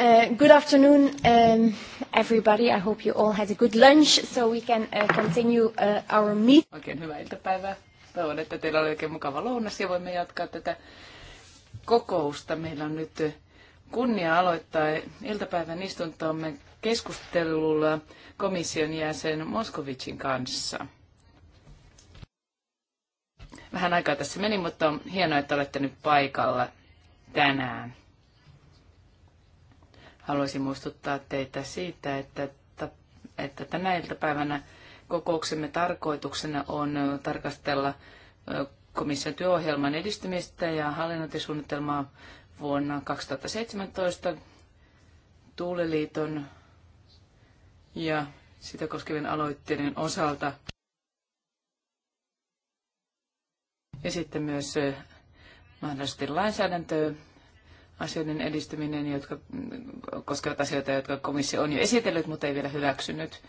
Uh, good afternoon, um, everybody. I hope you all had a good lunch, so we can uh, continue uh, our meet. Oikein hyvää iltapäivää. Toivon, että teillä oli oikein mukava lounas ja voimme jatkaa tätä kokousta. Meillä on nyt uh, kunnia aloittaa iltapäivän istuntoamme keskustelulla komission jäsen Moskovicin kanssa. Vähän aikaa tässä meni, mutta on hienoa, että olette nyt paikalla tänään. Haluaisin muistuttaa teitä siitä, että, että tänä iltapäivänä kokouksemme tarkoituksena on tarkastella komission työohjelman edistymistä ja hallinnointisuunnitelmaa vuonna 2017 Tuuliliiton ja sitä koskevien aloitteiden osalta. Ja sitten myös mahdollisesti lainsäädäntöä asioiden edistyminen, jotka koskevat asioita, jotka komissio on jo esitellyt, mutta ei vielä hyväksynyt.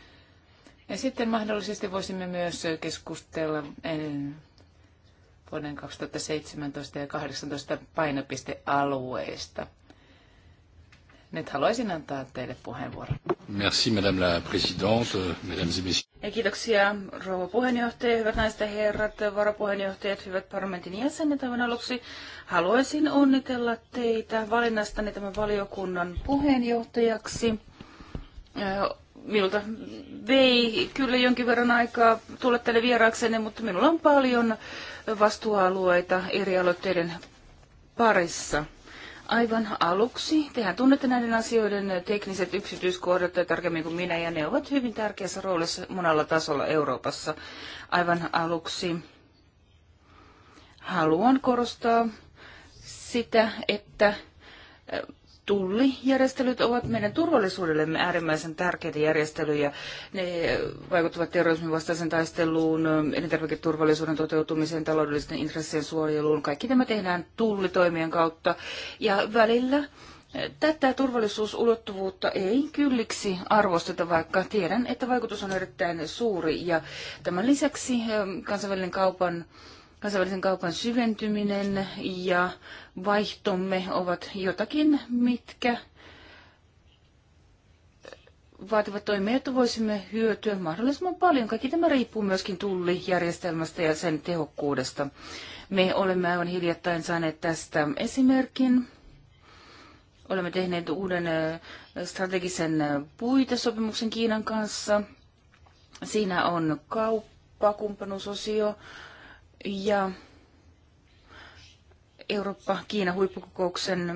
Ja sitten mahdollisesti voisimme myös keskustella eh, vuoden 2017 ja 2018 painopistealueista. Nyt haluaisin antaa teille puheenvuoron. Merci, madame la présidente, mesdames et messieurs. Ja kiitoksia rouva puheenjohtaja, hyvät naiset ja herrat, varapuheenjohtajat, hyvät parlamentin jäsenet. Aivan aluksi haluaisin onnitella teitä valinnastanne tämän valiokunnan puheenjohtajaksi. Minulta vei kyllä jonkin verran aikaa tulla tänne vieraaksenne, mutta minulla on paljon vastuualueita eri aloitteiden parissa. Aivan aluksi. Tehän tunnette näiden asioiden tekniset yksityiskohdat tarkemmin kuin minä, ja ne ovat hyvin tärkeässä roolissa monella tasolla Euroopassa. Aivan aluksi haluan korostaa sitä, että tullijärjestelyt ovat meidän turvallisuudellemme äärimmäisen tärkeitä järjestelyjä. Ne vaikuttavat terrorismin vastaisen taisteluun, elintarviketurvallisuuden toteutumiseen, taloudellisten intressien suojeluun. Kaikki tämä tehdään tullitoimien kautta ja välillä Tätä turvallisuusulottuvuutta ei kylliksi arvosteta, vaikka tiedän, että vaikutus on erittäin suuri. Ja tämän lisäksi eh, kansainvälinen kaupan kansainvälisen kaupan syventyminen ja vaihtomme ovat jotakin, mitkä vaativat toimia, että voisimme hyötyä mahdollisimman paljon. Kaikki tämä riippuu myöskin tullijärjestelmästä ja sen tehokkuudesta. Me olemme aivan hiljattain saaneet tästä esimerkin. Olemme tehneet uuden strategisen puitesopimuksen Kiinan kanssa. Siinä on kauppakumppanuusosio, ja Eurooppa-Kiina huippukokouksen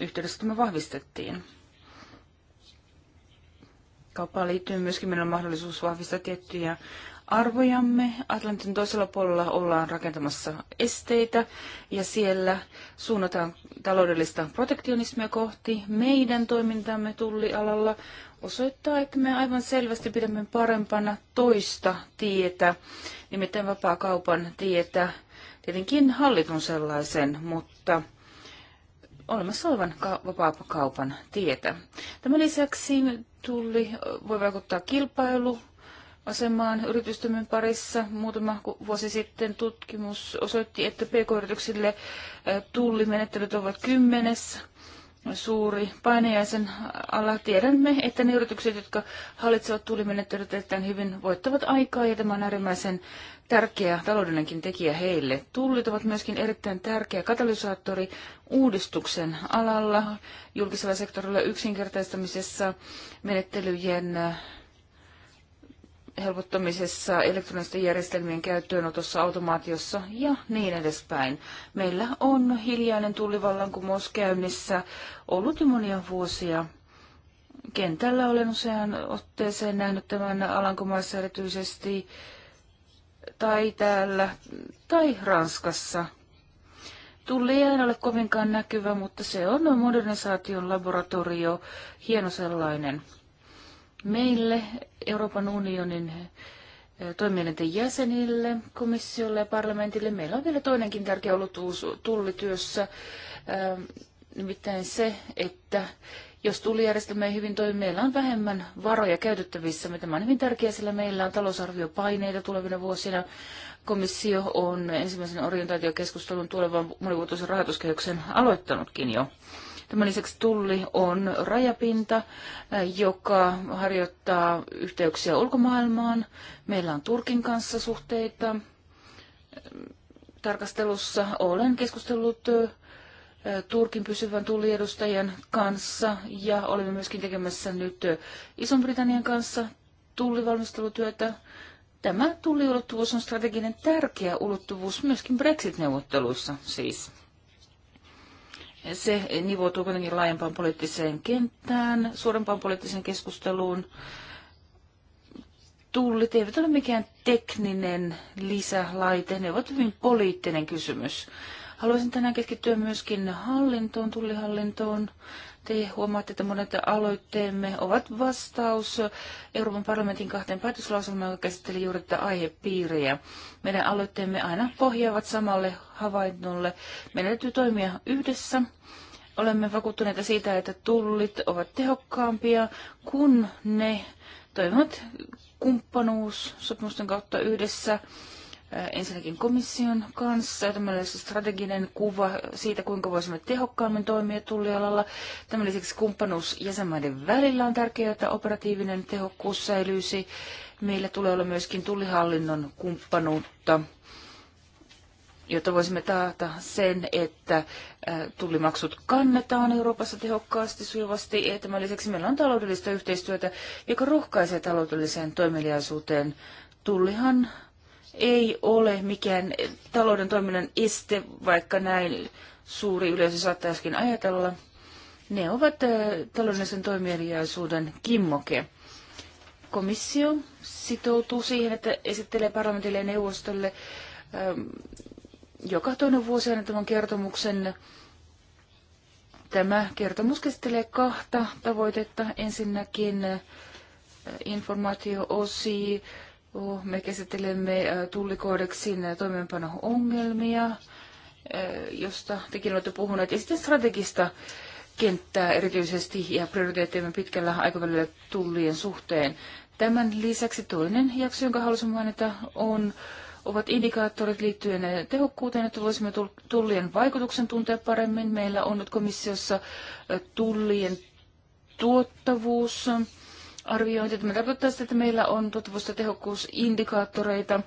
yhteydessä tämä vahvistettiin. Kauppaan liittyy myöskin meillä on mahdollisuus vahvistaa tiettyjä arvojamme. Atlantin toisella puolella ollaan rakentamassa esteitä ja siellä suunnataan taloudellista protektionismia kohti. Meidän toimintamme tullialalla osoittaa, että me aivan selvästi pidämme parempana toista tietä, nimittäin vapaa-kaupan tietä, tietenkin hallitun sellaisen, mutta olemassa olevan ka- vapaa-kaupan tietä. Tämän lisäksi tulli voi vaikuttaa kilpailu asemaan yritystoimen parissa. Muutama vuosi sitten tutkimus osoitti, että pk-yrityksille tullimenettelyt ovat kymmenes suuri painajaisen ala. Tiedämme, että ne yritykset, jotka hallitsevat tulimenettelyt erittäin hyvin, voittavat aikaa ja tämä on äärimmäisen tärkeä taloudellinenkin tekijä heille. Tullit ovat myöskin erittäin tärkeä katalysaattori uudistuksen alalla, julkisella sektorilla yksinkertaistamisessa, menettelyjen helpottamisessa, elektronisten järjestelmien käyttöönotossa, automaatiossa ja niin edespäin. Meillä on hiljainen tullivallankumous käynnissä ollut jo monia vuosia. Kentällä olen usean otteeseen nähnyt tämän Alankomaissa erityisesti, tai täällä, tai Ranskassa. Tulli ei ole kovinkaan näkyvä, mutta se on modernisaation laboratorio, hieno sellainen meille, Euroopan unionin eh, toimielinten jäsenille, komissiolle ja parlamentille. Meillä on vielä toinenkin tärkeä ollut tullityössä, eh, nimittäin se, että jos tullijärjestelmä ei hyvin toimi, meillä on vähemmän varoja käytettävissä. Tämä on hyvin tärkeää, sillä meillä on talousarviopaineita tulevina vuosina. Komissio on ensimmäisen orientaatiokeskustelun tulevan monivuotoisen rahoituskehyksen aloittanutkin jo. Tämän lisäksi tulli on rajapinta, joka harjoittaa yhteyksiä ulkomaailmaan. Meillä on Turkin kanssa suhteita. Tarkastelussa olen keskustellut Turkin pysyvän tulliedustajan kanssa ja olemme myöskin tekemässä nyt iso britannian kanssa tullivalmistelutyötä. Tämä tulliulottuvuus on strateginen tärkeä ulottuvuus myöskin Brexit-neuvotteluissa siis se nivoutuu kuitenkin laajempaan poliittiseen kenttään, suurempaan poliittiseen keskusteluun. Tullit eivät ole mikään tekninen lisälaite, ne ovat hyvin poliittinen kysymys. Haluaisin tänään keskittyä myöskin hallintoon, tullihallintoon. Te huomaatte, että monet aloitteemme ovat vastaus Euroopan parlamentin kahteen päätöslauselmaan, joka käsitteli juuri tätä aihepiiriä. Meidän aloitteemme aina pohjaavat samalle havainnolle. Meidän täytyy toimia yhdessä. Olemme vakuuttuneita siitä, että tullit ovat tehokkaampia, kun ne toimivat kumppanuussopimusten kautta yhdessä ensinnäkin komission kanssa. Tämä olisi strateginen kuva siitä, kuinka voisimme tehokkaammin toimia tullialalla. Tämän lisäksi kumppanuus jäsenmaiden välillä on tärkeää, että operatiivinen tehokkuus säilyisi. Meillä tulee olla myöskin tullihallinnon kumppanuutta jotta voisimme taata sen, että tullimaksut kannetaan Euroopassa tehokkaasti, sujuvasti. Ja tämän lisäksi meillä on taloudellista yhteistyötä, joka rohkaisee taloudelliseen toimeliaisuuteen. Tullihan ei ole mikään talouden toiminnan este, vaikka näin suuri yleisö saattaisikin ajatella. Ne ovat taloudellisen toimeliaisuuden kimmoke. Komissio sitoutuu siihen, että esittelee parlamentille ja neuvostolle ähm, joka toinen vuosi tämän kertomuksen. Tämä kertomus käsittelee kahta tavoitetta. Ensinnäkin äh, informaatio-osi, Oh, me käsittelemme äh, tullikoodeksin toimeenpano-ongelmia, äh, josta tekin olette puhuneet, ja sitten strategista kenttää erityisesti ja prioriteettimme pitkällä aikavälillä tullien suhteen. Tämän lisäksi toinen jakso, jonka halusin mainita, on, ovat indikaattorit liittyen tehokkuuteen, että voisimme tullien vaikutuksen tuntea paremmin. Meillä on nyt komissiossa äh, tullien tuottavuus arviointi. että tarkoittaa sitä, että meillä on tuottavuus- tehokkuusindikaattoreita,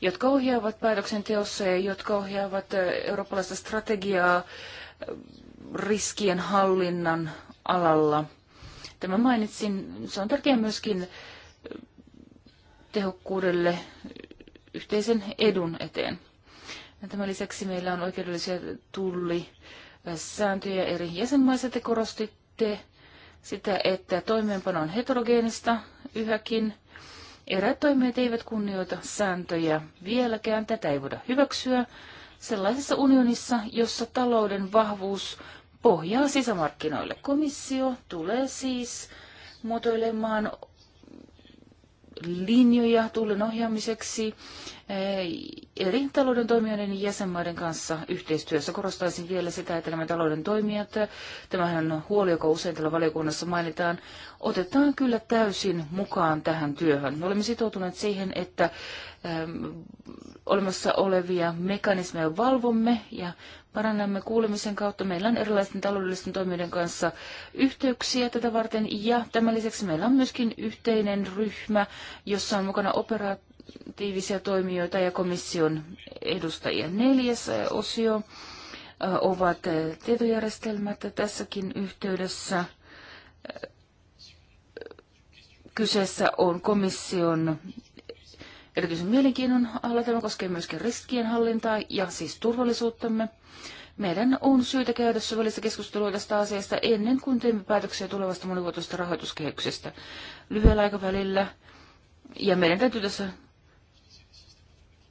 jotka ohjaavat päätöksenteossa ja jotka ohjaavat eurooppalaista strategiaa riskien hallinnan alalla. Tämä mainitsin, se on tärkeää myöskin tehokkuudelle yhteisen edun eteen. Ja tämän lisäksi meillä on oikeudellisia tullisääntöjä eri jäsenmaissa. Te korostitte sitä, että toimeenpano on heterogeenista yhäkin. Eräät toimijat eivät kunnioita sääntöjä vieläkään. Tätä ei voida hyväksyä sellaisessa unionissa, jossa talouden vahvuus pohjaa sisämarkkinoille. Komissio tulee siis muotoilemaan linjoja tullen ohjaamiseksi eri talouden toimijoiden jäsenmaiden kanssa yhteistyössä. Korostaisin vielä sitä, että nämä talouden toimijat, tämähän on huoli, joka usein tällä valiokunnassa mainitaan, otetaan kyllä täysin mukaan tähän työhön. Me olemme sitoutuneet siihen, että ähm, olemassa olevia mekanismeja valvomme ja parannamme kuulemisen kautta. Meillä on erilaisten taloudellisten toimijoiden kanssa yhteyksiä tätä varten ja tämän lisäksi meillä on myöskin yhteinen ryhmä, jossa on mukana operaattori aktiivisia toimijoita ja komission edustajia. Neljäs osio ovat tietojärjestelmät. Tässäkin yhteydessä kyseessä on komission erityisen mielenkiinnon alla. Tämä koskee myöskin riskien hallintaa ja siis turvallisuuttamme. Meidän on syytä käydä syvällistä keskustelua tästä asiasta ennen kuin teemme päätöksiä tulevasta monivuotoisesta rahoituskehyksestä lyhyellä aikavälillä. Ja meidän täytyy tässä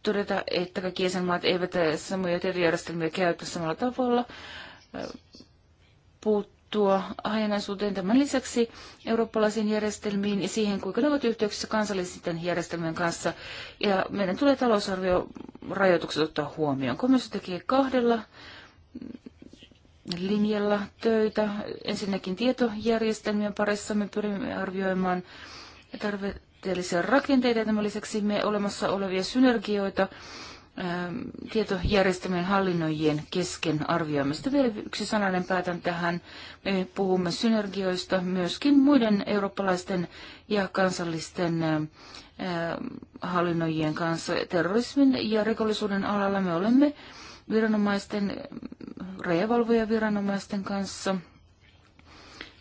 todeta, että kaikki jäsenmaat eivät samoja tietojärjestelmiä käytä samalla tavalla, puuttua hajanaisuuteen tämän lisäksi eurooppalaisiin järjestelmiin ja siihen, kuinka ne ovat yhteyksissä kansallisten järjestelmien kanssa. Ja meidän tulee talousarvio rajoitukset ottaa huomioon. Komissio tekee kahdella linjalla töitä. Ensinnäkin tietojärjestelmien parissa me pyrimme arvioimaan tarve rakenteellisia rakenteita. Tämän lisäksi me olemassa olevia synergioita ähm, tietojärjestelmien hallinnoijien kesken arvioimista. Vielä yksi sananen päätän tähän. Me puhumme synergioista myöskin muiden eurooppalaisten ja kansallisten ähm, hallinnoijien kanssa. Terrorismin ja rikollisuuden alalla me olemme viranomaisten, rajavalvojaviranomaisten kanssa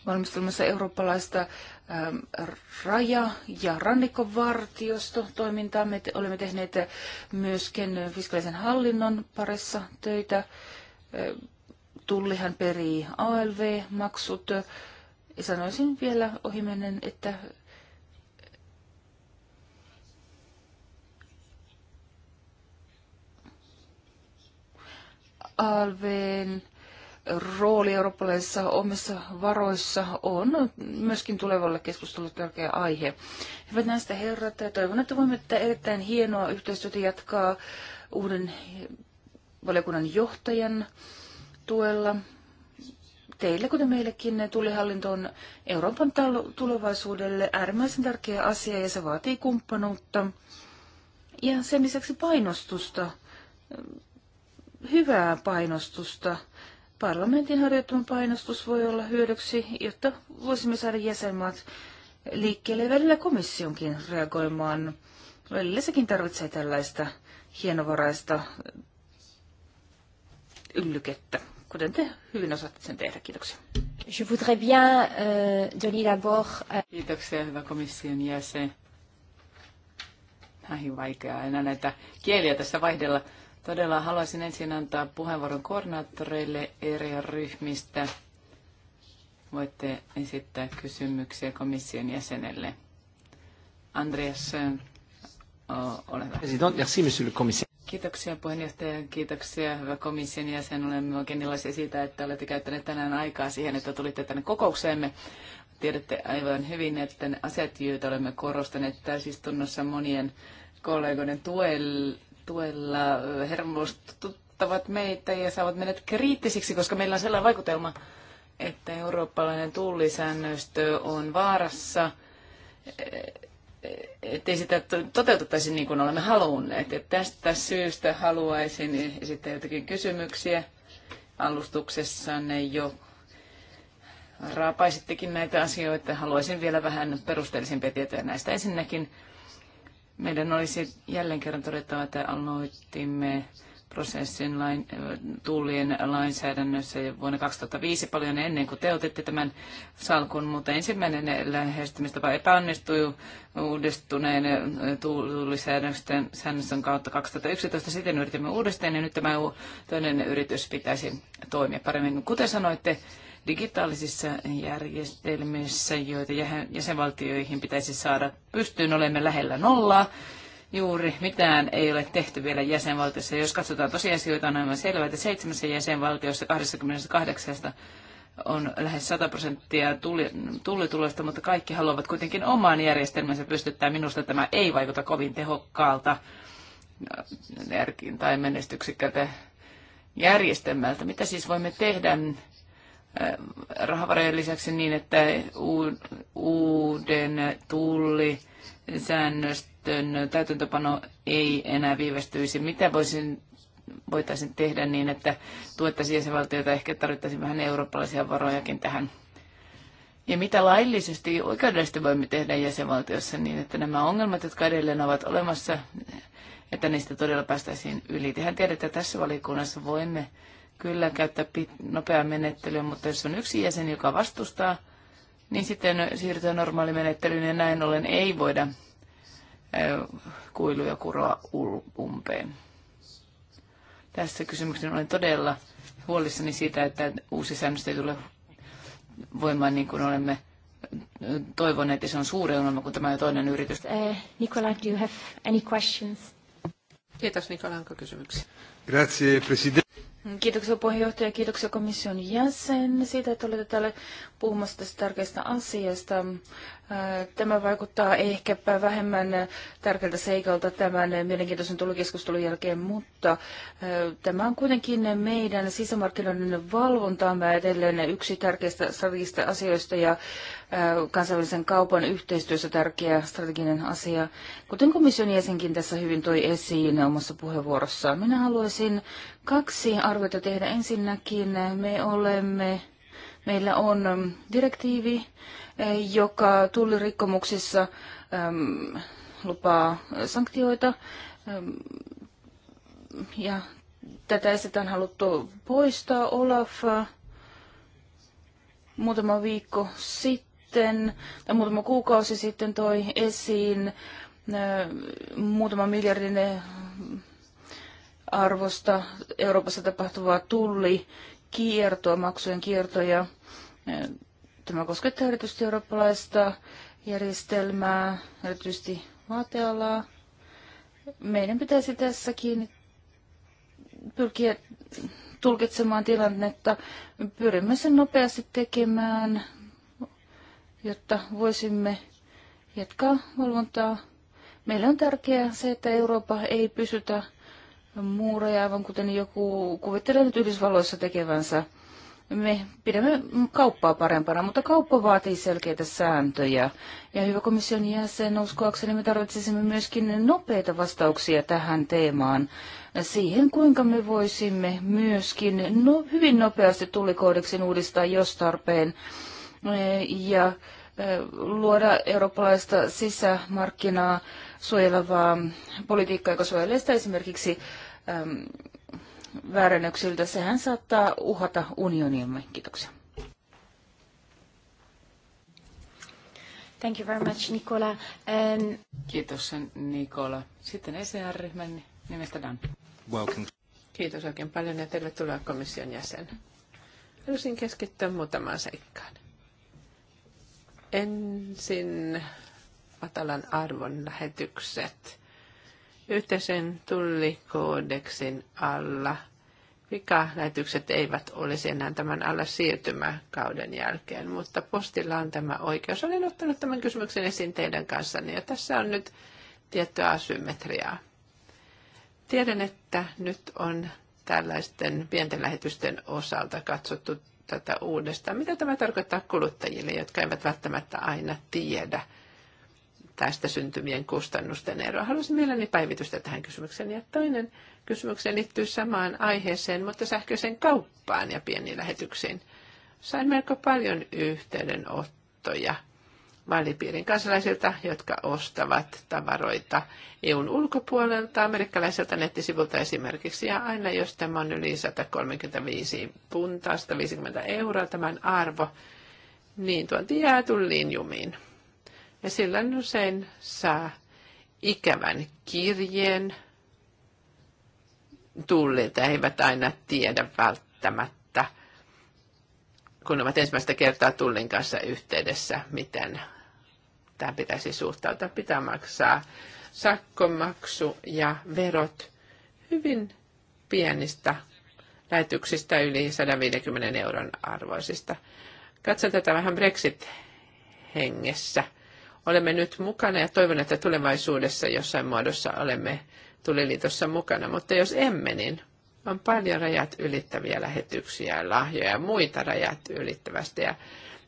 valmistelmassa eurooppalaista Ähm, raja- ja rannikkovartiosto toimintaa. Me te, olemme tehneet myöskin fiskaalisen hallinnon parissa töitä. Ähm, tullihan perii ALV-maksut. Sanoisin vielä ohimennen, että ALVn rooli eurooppalaisissa omissa varoissa on myöskin tulevalle keskustelulle tärkeä aihe. Hyvät näistä herrat, toivon, että voimme tätä erittäin hienoa yhteistyötä jatkaa uuden valiokunnan johtajan tuella. Teille, kuten meillekin, tulihallinto on Euroopan tulevaisuudelle äärimmäisen tärkeä asia ja se vaatii kumppanuutta ja sen lisäksi painostusta, hyvää painostusta parlamentin harjoittama painostus voi olla hyödyksi, jotta voisimme saada jäsenmaat liikkeelle välillä komissionkin reagoimaan. Välillä sekin tarvitsee tällaista hienovaraista yllykettä, kuten te hyvin osaatte sen tehdä. Kiitoksia. Je voudrais bien euh, donner d'abord... Euh, Kiitoksia, hyvä komission jäsen. Näihin vaikeaa enää näitä kieliä tässä vaihdella. Todella haluaisin ensin antaa puheenvuoron koordinaattoreille eri ryhmistä. Voitte esittää kysymyksiä komission jäsenelle. Andreas, ole hyvä. Merci, monsieur le commissaire. Kiitoksia puheenjohtaja, kiitoksia hyvä komission jäsen. Olemme oikein iloisia siitä, että olette käyttäneet tänään aikaa siihen, että tulitte tänne kokoukseemme. Tiedätte aivan hyvin, että ne asiat, joita olemme korostaneet täysistunnossa monien kollegoiden tuella, tuella eh, hermostuttavat meitä ja saavat meidät kriittisiksi, koska meillä on sellainen vaikutelma, että eurooppalainen tullisäännöstö on vaarassa, eh, ettei sitä toteutettaisi niin kuin olemme halunneet. Et tästä syystä haluaisin esittää jotakin kysymyksiä alustuksessanne jo raapaisittekin näitä asioita. Haluaisin vielä vähän perusteellisempia tietoja näistä. Ensinnäkin meidän olisi jälleen kerran todettava, että aloitimme prosessin lain, äh, tullien lainsäädännössä vuonna 2005 paljon ennen kuin te otitte tämän salkun, mutta ensimmäinen lähestymistapa epäonnistui uudistuneen äh, tullisäädösten säännöstön kautta 2011. Sitten yritimme uudestaan ja nyt tämä toinen yritys pitäisi toimia paremmin. Kuten sanoitte, digitaalisissa järjestelmissä, joita jäsenvaltioihin pitäisi saada pystyyn, olemme lähellä nollaa. Juuri mitään ei ole tehty vielä jäsenvaltiossa. Jos katsotaan tosiasioita, on aivan selvää, että seitsemässä jäsenvaltiossa 28 on lähes 100 prosenttia tullituloista, mutta kaikki haluavat kuitenkin omaan järjestelmänsä pystyttää. Minusta tämä ei vaikuta kovin tehokkaalta tai menestyksikkältä järjestelmältä. Mitä siis voimme tehdä rahavarojen lisäksi niin, että uuden tullisäännöstön täytäntöpano ei enää viivästyisi. Mitä voisin, voitaisiin tehdä niin, että tuettaisiin jäsenvaltioita, ehkä tarvittaisiin vähän eurooppalaisia varojakin tähän? Ja mitä laillisesti oikeudellisesti voimme tehdä jäsenvaltiossa niin, että nämä ongelmat, jotka edelleen ovat olemassa, että niistä todella päästäisiin yli. Tehän tiedetään että tässä valikunnassa voimme kyllä käyttää nopeaa menettelyä, mutta jos on yksi jäsen, joka vastustaa, niin sitten siirtyä normaalimenettelyyn ja näin ollen ei voida kuiluja kuroa umpeen. Tässä kysymyksessä olen todella huolissani siitä, että uusi säännös ei tule voimaan niin kuin olemme toivoneet, että se on suuri ongelma kuin tämä toinen yritys. Uh, Nicola, do you have any questions? Kiitos Nikola, onko kysymyksiä? Grazie, presidente. Kiitoksia puheenjohtaja, kiitoksia komission jäsen siitä, että olette täällä puhumassa tästä tärkeästä asiasta. Tämä vaikuttaa ehkäpä vähemmän tärkeältä seikalta tämän mielenkiintoisen tulokeskustelun jälkeen, mutta tämä on kuitenkin meidän sisämarkkinoiden valvontaamme edelleen yksi tärkeistä strategisista asioista ja kansainvälisen kaupan yhteistyössä tärkeä strateginen asia. Kuten komission jäsenkin tässä hyvin toi esiin omassa puheenvuorossaan, minä haluaisin kaksi arvoita tehdä. Ensinnäkin me olemme, meillä on direktiivi, eh, joka tullirikkomuksissa äm, ehm, lupaa sanktioita äm, ehm, ja tätä esitetään on haluttu poistaa. Olaf eh, muutama viikko sitten tai muutama kuukausi sitten toi esiin eh, muutama miljardin arvosta Euroopassa tapahtuvaa tulli kiertoa, maksujen kiertoja. E, tämä koskettaa erityisesti eurooppalaista järjestelmää, erityisesti vaatealaa. Meidän pitäisi tässäkin pyrkiä tulkitsemaan tilannetta. Pyrimme sen nopeasti tekemään, jotta voisimme jatkaa valvontaa. Meillä on tärkeää se, että Eurooppa ei pysytä muureja, aivan kuten joku kuvittelee nyt Yhdysvalloissa tekevänsä. Me pidämme kauppaa parempana, mutta kauppa vaatii selkeitä sääntöjä. Ja hyvä komission jäsen, uskoakseni me tarvitsisimme myöskin nopeita vastauksia tähän teemaan. Siihen, kuinka me voisimme myöskin no, hyvin nopeasti tullikoodeksin uudistaa, jos tarpeen. Ja e, luoda eurooppalaista sisämarkkinaa suojelevaa politiikkaa, joka suojelee sitä esimerkiksi äm, väärennöksiltä, sehän saattaa uhata unioniamme. Kiitoksia. Thank you very much, Nicola. Um... Kiitos, Nicola. Sitten ECR-ryhmän nimestä Dan. Welcome. Kiitos oikein paljon ja tervetuloa komission jäsen. Haluaisin keskittyä muutamaan seikkaan. Ensin matalan arvon lähetykset Yhteisen tullikoodeksin alla pikalähetykset eivät olisi enää tämän alla siirtymäkauden jälkeen, mutta postilla on tämä oikeus. Olen ottanut tämän kysymyksen esiin teidän kanssanne ja tässä on nyt tiettyä asymmetriaa. Tiedän, että nyt on tällaisten pienten lähetysten osalta katsottu tätä uudestaan. Mitä tämä tarkoittaa kuluttajille, jotka eivät välttämättä aina tiedä, tästä syntymien kustannusten eroa. Haluaisin mielelläni päivitystä tähän kysymykseen. Ja toinen kysymykseen liittyy samaan aiheeseen, mutta sähköiseen kauppaan ja pieniin lähetyksiin. Sain melko paljon yhteydenottoja vaalipiirin kansalaisilta, jotka ostavat tavaroita EUn ulkopuolelta, amerikkalaiselta nettisivulta esimerkiksi. Ja aina jos tämä on yli 135 puntaa, 150 euroa tämän arvo, niin tuonti jää tulliin jumiin. Ja silloin usein saa ikävän kirjeen. Tulleita eivät aina tiedä välttämättä, kun ovat ensimmäistä kertaa tullin kanssa yhteydessä, miten tämä pitäisi suhtautua. Pitää maksaa sakkomaksu ja verot hyvin pienistä lähetyksistä yli 150 euron arvoisista. Katsotaan tätä vähän Brexit-hengessä – olemme nyt mukana ja toivon, että tulevaisuudessa jossain muodossa olemme tuliliitossa mukana. Mutta jos emme, niin on paljon rajat ylittäviä lähetyksiä ja lahjoja ja muita rajat ylittävästi. Ja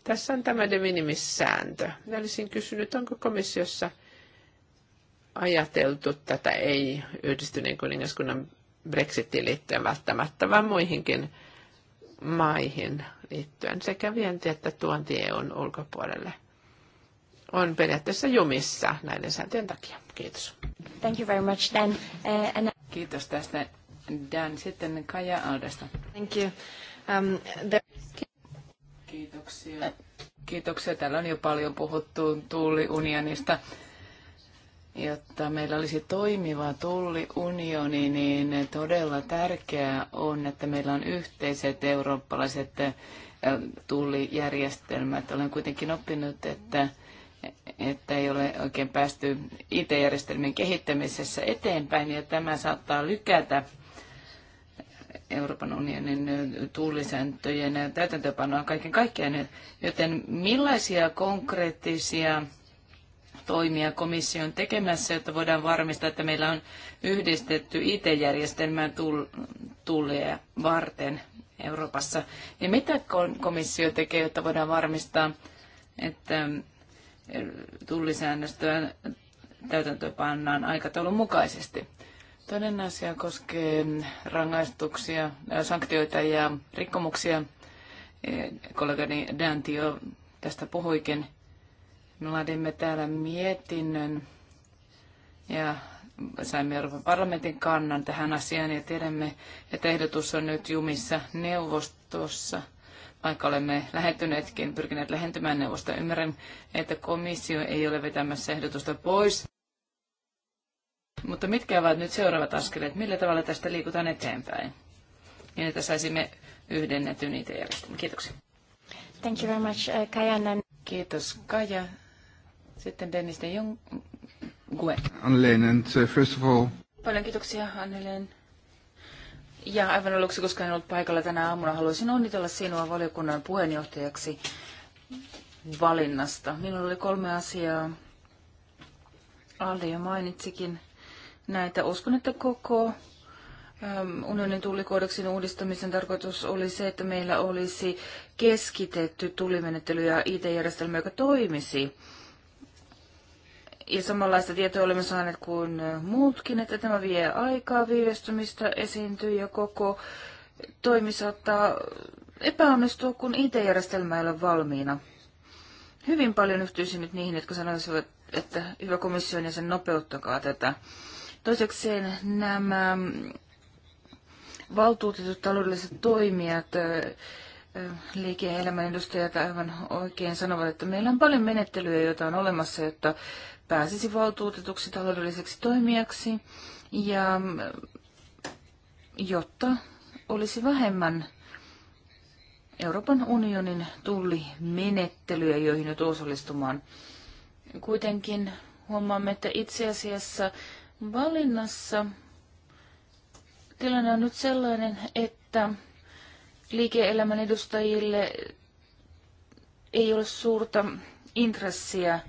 tässä on tämä de minimis-sääntö. Minä olisin kysynyt, onko komissiossa ajateltu tätä ei yhdistyneen kuningaskunnan Brexitiin liittyen välttämättä, vaan muihinkin maihin liittyen sekä vienti että tuonti EUn ulkopuolelle on periaatteessa jumissa näiden sääntöjen takia. Kiitos. Thank you very much, Dan. Uh, and... Kiitos tästä, Dan. Sitten Kaja Aldesta. Thank you. Um, the... Kiitoksia. Kiitoksia. Täällä on jo paljon puhuttu tulliunionista. Jotta meillä olisi toimiva tulliunioni, niin todella tärkeää on, että meillä on yhteiset eurooppalaiset eh, tullijärjestelmät. Olen kuitenkin oppinut, että että ei ole oikein päästy IT-järjestelmien kehittämisessä eteenpäin, ja tämä saattaa lykätä Euroopan unionin tuulisääntöjen täytäntöpanoa kaiken kaikkiaan. Joten millaisia konkreettisia toimia komissio on tekemässä, jotta voidaan varmistaa, että meillä on yhdistetty IT-järjestelmää tulee varten Euroopassa. Ja mitä komissio tekee, jotta voidaan varmistaa, että tullisäännöstöä täytäntöpannaan aikataulun mukaisesti. Toinen asia koskee rangaistuksia, sanktioita ja rikkomuksia. E, kollegani Danti jo tästä puhuikin. Me laadimme täällä mietinnön ja saimme Euroopan parlamentin kannan tähän asiaan ja tiedämme, että ehdotus on nyt jumissa neuvostossa – vaikka olemme lähentyneetkin, pyrkineet lähentymään neuvosta. Ymmärrän, että komissio ei ole vetämässä ehdotusta pois. Mutta mitkä ovat nyt seuraavat askeleet? Millä tavalla tästä liikutaan eteenpäin? Niin, että saisimme yhdennetyn niitä järjestelmän. Kiitoksia. Thank you very much, uh, Kajana. Kiitos, Kaja. Sitten Dennis de Jong... Gue. Anneleen, and first of all... Paljon kiitoksia, Anneleen. Ja aivan aluksi, koska en ollut paikalla tänä aamuna, haluaisin onnitella sinua valiokunnan puheenjohtajaksi valinnasta. Minulla oli kolme asiaa. Aldi jo mainitsikin näitä. Uskon, että koko unionin tullikoodeksin uudistamisen tarkoitus oli se, että meillä olisi keskitetty tullimenettely ja IT-järjestelmä, joka toimisi ja samanlaista tietoa olemme saaneet kuin muutkin, että tämä vie aikaa, viivästymistä esiintyy ja koko toimi saattaa epäonnistua, kun IT-järjestelmä ei ole valmiina. Hyvin paljon yhtyisin nyt niihin, jotka sanoisivat, että hyvä komission sen nopeuttakaa tätä. Toisekseen nämä valtuutetut taloudelliset toimijat, liike- ja elämän edustajat aivan oikein sanovat, että meillä on paljon menettelyjä, joita on olemassa, jotta pääsisi valtuutetuksi taloudelliseksi toimijaksi ja jotta olisi vähemmän Euroopan unionin tullimenettelyjä, joihin nyt osallistumaan. Kuitenkin huomaamme, että itse asiassa valinnassa tilanne on nyt sellainen, että liike-elämän edustajille ei ole suurta intressiä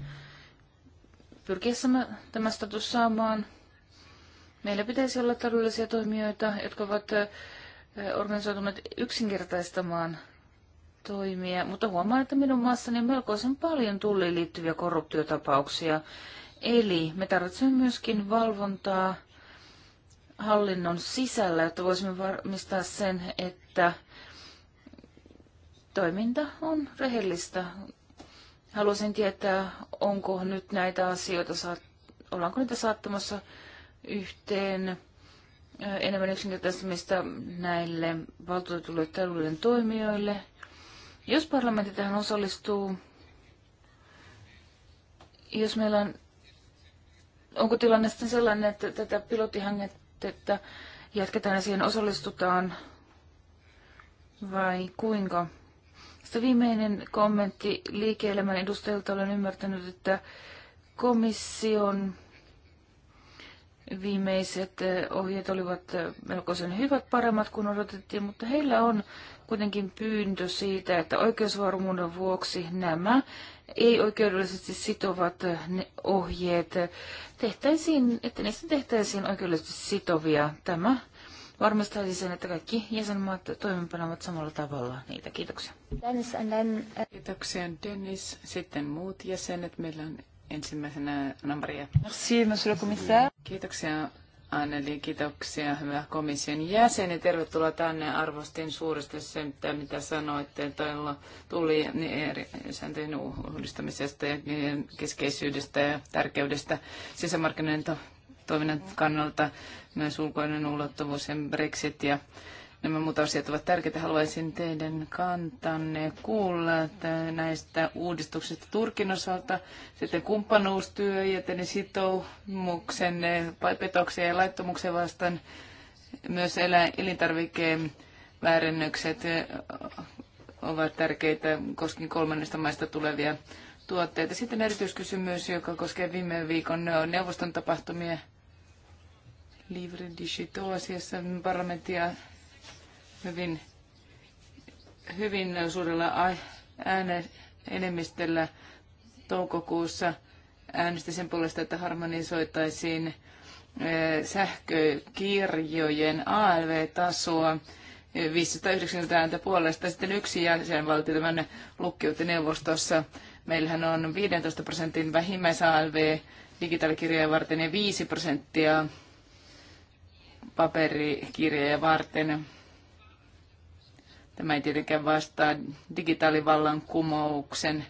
pyrkiessämme tämä status saamaan. Meillä pitäisi olla taloudellisia toimijoita, jotka ovat organisoituneet yksinkertaistamaan toimia, mutta huomaan, että minun maassani on melkoisen paljon tulliin liittyviä korruptiotapauksia. Eli me tarvitsemme myöskin valvontaa hallinnon sisällä, että voisimme varmistaa sen, että toiminta on rehellistä, Haluaisin tietää, onko nyt näitä asioita, ollaanko niitä saattamassa yhteen enemmän yksinkertaistamista näille valtuutetulle talouden toimijoille. Jos parlamentti tähän osallistuu, jos meillä on, onko tilanne sitten sellainen, että tätä pilottihangetta jatketaan ja siihen osallistutaan vai kuinka? Sitten viimeinen kommentti liike-elämän edustajilta. Olen ymmärtänyt, että komission viimeiset eh, ohjeet olivat eh, melkoisen hyvät, paremmat kuin odotettiin, mutta heillä on kuitenkin pyyntö siitä, että oikeusvarmuuden vuoksi nämä ei-oikeudellisesti sitovat eh, ohjeet tehtäisiin, että niistä tehtäisiin oikeudellisesti sitovia. Tämä varmistaisi sen, että kaikki jäsenmaat toimenpanevat samalla tavalla niitä. Kiitoksia. Dennis and then, uh... Kiitoksia Dennis. Sitten muut jäsenet. Meillä on ensimmäisenä Anna-Maria. Merci, monsieur le commissaire. Kiitoksia Anneli, kiitoksia. Hyvä komission jäseni. tervetuloa tänne. Arvostin suuresti se, mitä, mitä sanoitte. Toilla tuli niin eri sääntöjen uudistamisesta ja keskeisyydestä ja tärkeydestä sisämarkkinoiden toiminnan kannalta myös ulkoinen ulottuvuus ja Brexit ja nämä muut asiat ovat tärkeitä. Haluaisin teidän kantanne kuulla näistä uudistuksista Turkin osalta, sitten kumppanuustyö ja teidän sitoumuksenne petoksia ja laittomuksen vastaan, myös elintarvikkeen väärennökset ovat tärkeitä koskien kolmannesta maista tulevia tuotteita. Sitten erityiskysymys, joka koskee viime viikon neuvoston tapahtumia Livridishito asiassa parlamenttia hyvin, hyvin suurella äänen enemmistöllä toukokuussa äänesti sen puolesta, että harmonisoitaisiin eh, sähkökirjojen ALV-tasoa 590 ääntä puolesta. Sitten yksi jäsenvaltio tämän lukkiutti neuvostossa. Meillähän on 15 prosentin vähimmäis ALV digitaalikirjojen varten ja 5 prosenttia paperikirjeen varten. Tämä ei tietenkään vastaa digitaalivallan kumouksen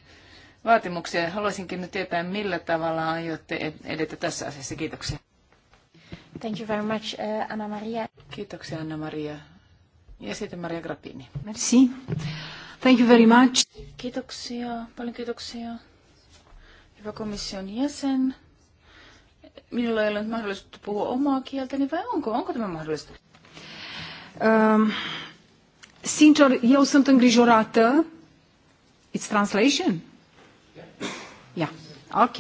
vaatimuksia. Haluaisinkin nyt tietää, millä tavalla aiotte edetä tässä asiassa. Kiitoksia. Thank you very much, eh, Anna Maria. Kiitoksia, Anna Maria. Ja sitten Maria Grappini. Merci. Thank you very much. Kiitoksia, paljon kiitoksia. Hyvä komission jäsen minulla ei ole mahdollisuutta puhua omaa kieltäni, vai onko? Onko tämä mahdollista? Um, sincer, eu sunt îngrijorată. It's translation? Yeah. Ok.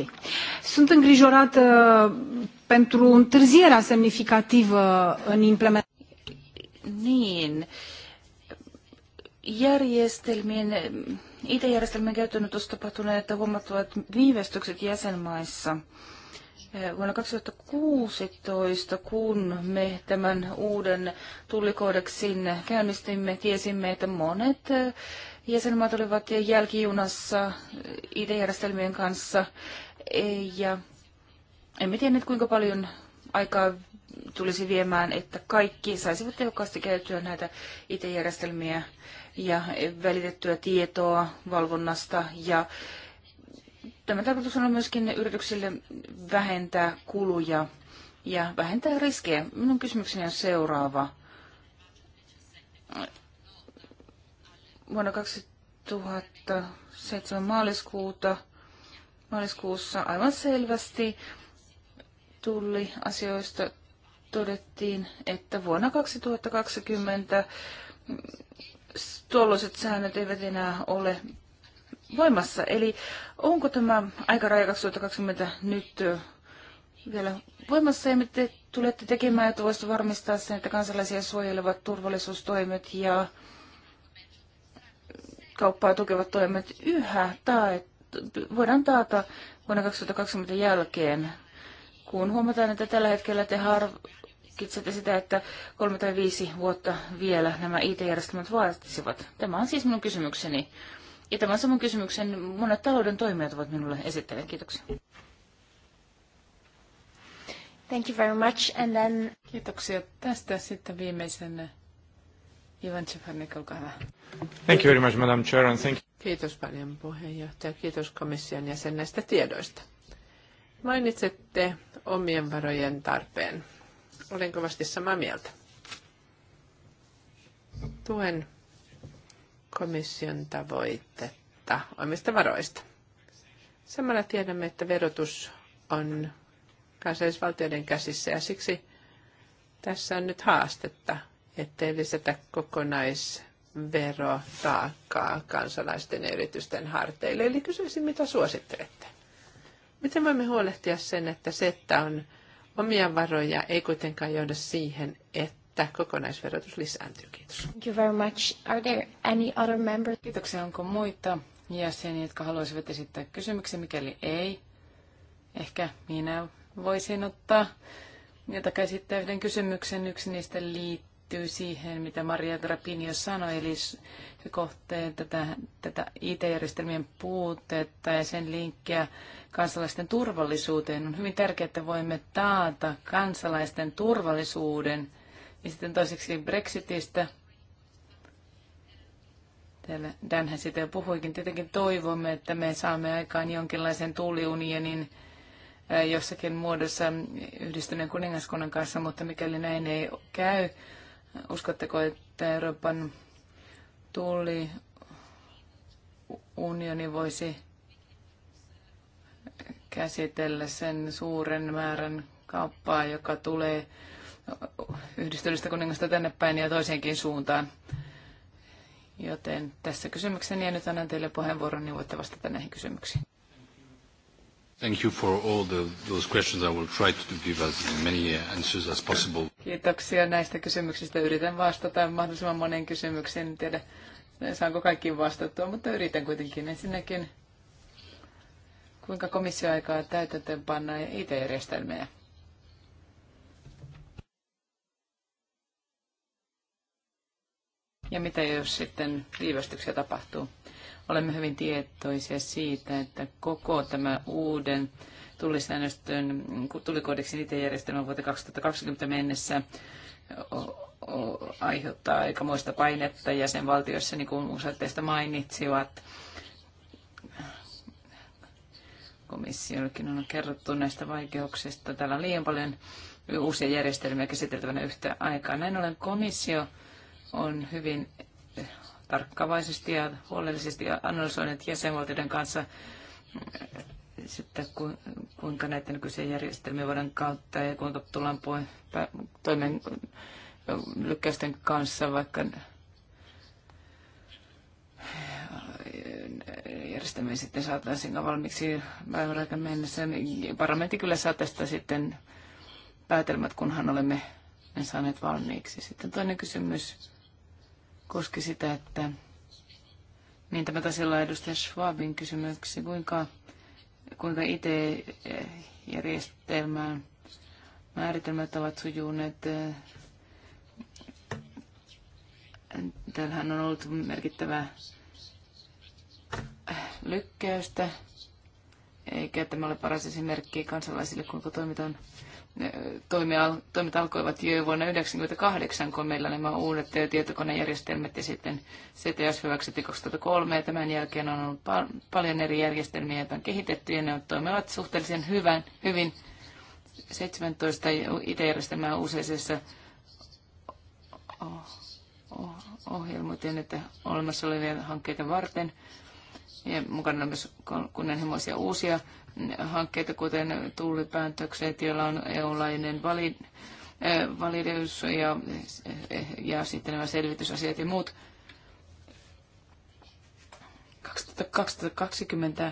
Sunt îngrijorată pentru întârzierea semnificativă în implementare. Niin. Järjestelmien, IT-järjestelmien käyttöönotossa tapahtuneet huomattavat viivästykset jäsenmaissa – Vuonna 2016, kun me tämän uuden tullikoodeksin käynnistimme, tiesimme, että monet äh, jäsenmaat olivat jälkijunassa äh, IT-järjestelmien kanssa. E, ja emme tienneet, kuinka paljon aikaa tulisi viemään, että kaikki saisivat tehokkaasti käyttöön näitä IT-järjestelmiä ja välitettyä tietoa valvonnasta ja Tämä tarkoitus on myöskin yrityksille vähentää kuluja ja vähentää riskejä. Minun kysymykseni on seuraava. Vuonna 2007 maaliskuuta, maaliskuussa aivan selvästi tuli asioista todettiin, että vuonna 2020 tuolloiset säännöt eivät enää ole voimassa. Eli onko tämä aikaraja 2020 nyt vielä voimassa ja mitä te tulette tekemään, että voisitte varmistaa sen, että kansalaisia suojelevat turvallisuustoimet ja kauppaa tukevat toimet yhä tae, voidaan taata vuonna 2020 jälkeen, kun huomataan, että tällä hetkellä te harkitsette sitä, että kolme tai viisi vuotta vielä nämä IT-järjestelmät vaatisivat. Tämä on siis minun kysymykseni. Ja tämän saman kysymyksen monet talouden toimijat ovat minulle esittäneet. Kiitoksia. Thank you very much. And then... Kiitoksia tästä. Sitten viimeisen Ivan Tsefarnik, olkaa hyvä. Thank you very much, Madam Chair, and thank you. Kiitos paljon puheenjohtaja. Kiitos komission jäsen näistä tiedoista. Mainitsette omien varojen tarpeen. Olen kovasti samaa mieltä. Tuen komission tavoitetta omista varoista. Samalla tiedämme, että verotus on kansallisvaltioiden käsissä ja siksi tässä on nyt haastetta, ettei lisätä kokonaisverotaakkaa kansalaisten ja yritysten harteille. Eli kysyisin, mitä suosittelette? Miten voimme huolehtia sen, että se, että on omia varoja, ei kuitenkaan johda siihen, että että kokonaisverotus lisääntyy. Kiitos. Thank you very much. Are there any other members? Kiitoksia. Onko muita jäseniä, jotka haluaisivat esittää kysymyksiä? Mikäli ei, ehkä minä voisin ottaa jotakin esittää yhden kysymyksen. Yksi niistä liittyy siihen, mitä Maria Grappini jo sanoi, eli se kohtee tätä, tätä IT-järjestelmien puutetta ja sen linkkiä kansalaisten turvallisuuteen. On hyvin tärkeää, että voimme taata kansalaisten turvallisuuden ja sitten toiseksi Brexitistä. Täällä Danhän sitä jo puhuikin. Tietenkin toivomme, että me saamme aikaan jonkinlaisen tuuliunionin jossakin muodossa yhdistyneen kuningaskunnan kanssa, mutta mikäli näin ei käy, uskotteko, että Euroopan unioni voisi käsitellä sen suuren määrän kauppaa, joka tulee yhdistyneestä kuningasta tänne päin ja toiseenkin suuntaan. Joten tässä kysymykseni ja nyt annan teille puheenvuoron, niin voitte vastata näihin kysymyksiin. Thank you for all the, those questions. I will try to give as many answers as possible. Kiitoksia näistä kysymyksistä. Yritän vastata mahdollisimman monen kysymykseen. En tiedä, saanko kaikkiin vastattua, mutta yritän kuitenkin. Ensinnäkin, kuinka komissio aikaa täytäntöönpanna IT-järjestelmiä? Ja mitä jos sitten viivästyksiä tapahtuu? Olemme hyvin tietoisia siitä, että koko tämä uuden tullisäännöstön tullikoodeksin IT-järjestelmä vuoteen 2020 mennessä aiheuttaa aikamoista painetta jäsenvaltioissa, niin kuin useat teistä mainitsivat. Komissiollekin on kerrottu näistä vaikeuksista. Täällä on liian paljon uusia järjestelmiä käsiteltävänä yhtä aikaa. Näin ollen komissio on hyvin tarkkavaisesti ja huolellisesti analysoineet jäsenvaltioiden kanssa äh, sitten kuinka näiden nykyisiä järjestelmiä voidaan kautta ja kuinka tullaan toimen äh, lykkäysten kanssa, vaikka äh, järjestelmiä sitten saataisiin valmiiksi päiväraika mennessä. Parlamentti kyllä saa tästä sitten päätelmät, kunhan olemme ne saaneet valmiiksi. Sitten toinen kysymys koski sitä, että niin tämä taisi edustaja Schwabin kysymyksi, kuinka, kuinka IT-järjestelmään määritelmät ovat sujuneet. Täällähän on ollut merkittävää lykkäystä, eikä tämä ole paras esimerkki kansalaisille, kuinka toimitaan toimia, toimet alkoivat jo vuonna 1998, kun meillä nämä uudet tietokonejärjestelmät ja sitten CTS hyväksytti 2003 ja tämän jälkeen on ollut pal- paljon eri järjestelmiä, joita on kehitetty ja ne toimivat suhteellisen hyvän, hyvin. 17 IT-järjestelmää useisessa ohjelmoitiin, että olemassa olevia hankkeita varten. Ja mukana on myös kunnianhimoisia uusia hankkeita, kuten tullipäätökset, joilla on EU-lainen valid, eh, valideus ja, eh, ja sitten nämä selvitysasiat ja muut. 2020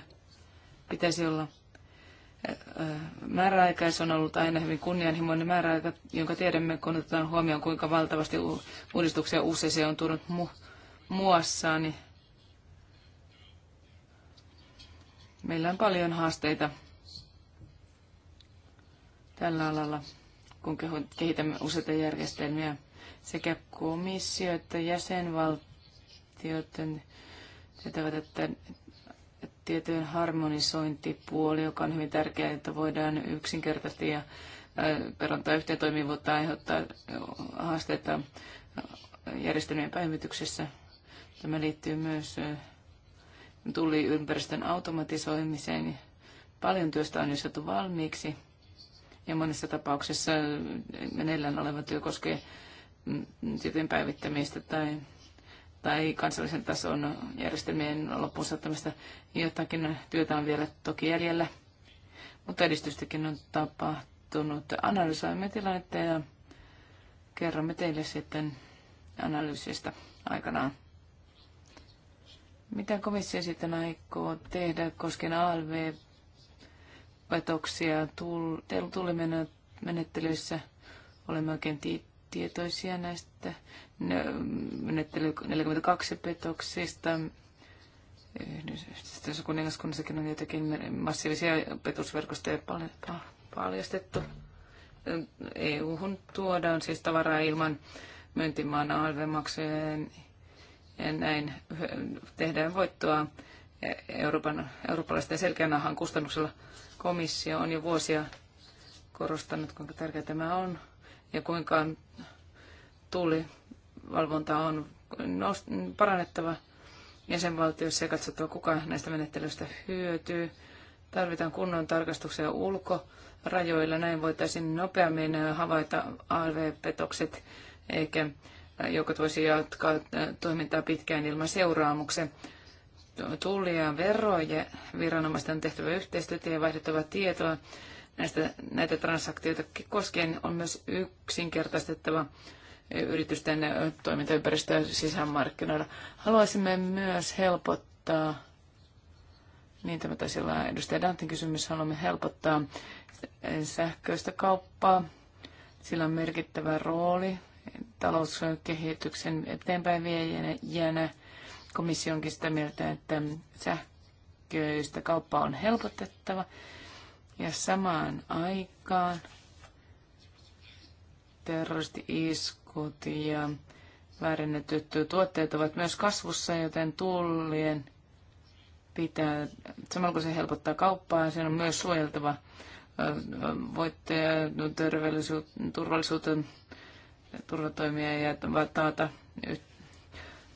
pitäisi olla eh, määräaika, se on ollut aina hyvin kunnianhimoinen määräaika, jonka tiedämme, kun otetaan huomioon, kuinka valtavasti uudistuksia UCC on tuonut mu- muassaan, niin Meillä on paljon haasteita tällä alalla, kun kehitämme useita järjestelmiä. Sekä komissio että jäsenvaltiot tietävät, että tietojen harmonisointipuoli, joka on hyvin tärkeää, että voidaan yksinkertaisesti ja perantaa yhteen toimivuutta aiheuttaa haasteita järjestelmien päivityksessä. Tämä liittyy myös tuli ympäristön automatisoimiseen. Paljon työstä on jo saatu valmiiksi ja monessa tapauksessa meneillään oleva työ koskee mm, tietojen päivittämistä tai, tai kansallisen tason järjestelmien loppuun saattamista. Jotakin työtä on vielä toki jäljellä, mutta edistystäkin on tapahtunut. Analysoimme tilannetta ja kerromme teille sitten analyysistä aikanaan. Mitä komissio sitten aikoo tehdä koskien ALV-petoksia tullimenettelyissä? Olemme oikein tietoisia näistä menettely 42 petoksista. Yhdessä kuningaskunnassakin on jotenkin massiivisia petusverkostoja paljastettu. EU-hun e tuodaan siis tavaraa ilman myyntimaan alv-maksujen näin tehdään voittoa Euroopan, eurooppalaisten selkeänahan kustannuksella. Komissio on jo vuosia korostanut, kuinka tärkeää tämä on ja kuinka valvonta on parannettava jäsenvaltioissa ja katsottava, kuka näistä menettelyistä hyötyy. Tarvitaan kunnon tarkastuksia ulkorajoilla. Näin voitaisiin nopeammin havaita ALV-petokset eikä joukot voisi jatkaa toimintaa pitkään ilman seuraamuksen. Tulli- ja ja viranomaisten on tehtävä yhteistyötä ja vaihdettava tietoa näistä, näitä transaktioita koskien on myös yksinkertaistettava yritysten toimintaympäristöä sisämarkkinoilla. Haluaisimme myös helpottaa, niin tämä taisi olla edustaja Dantin kysymys, haluamme helpottaa sähköistä kauppaa. Sillä on merkittävä rooli talouskehityksen eteenpäin viejänä. Komissio onkin sitä mieltä, että sähköistä kauppaa on helpotettava. Ja samaan aikaan terroristi-iskut ja väärennetyt tuotteet ovat myös kasvussa, joten tullien pitää, samalla kun se helpottaa kauppaa, sen on myös suojeltava voitte terveellisuutta, turvallisuutta, turvatoimia ja taata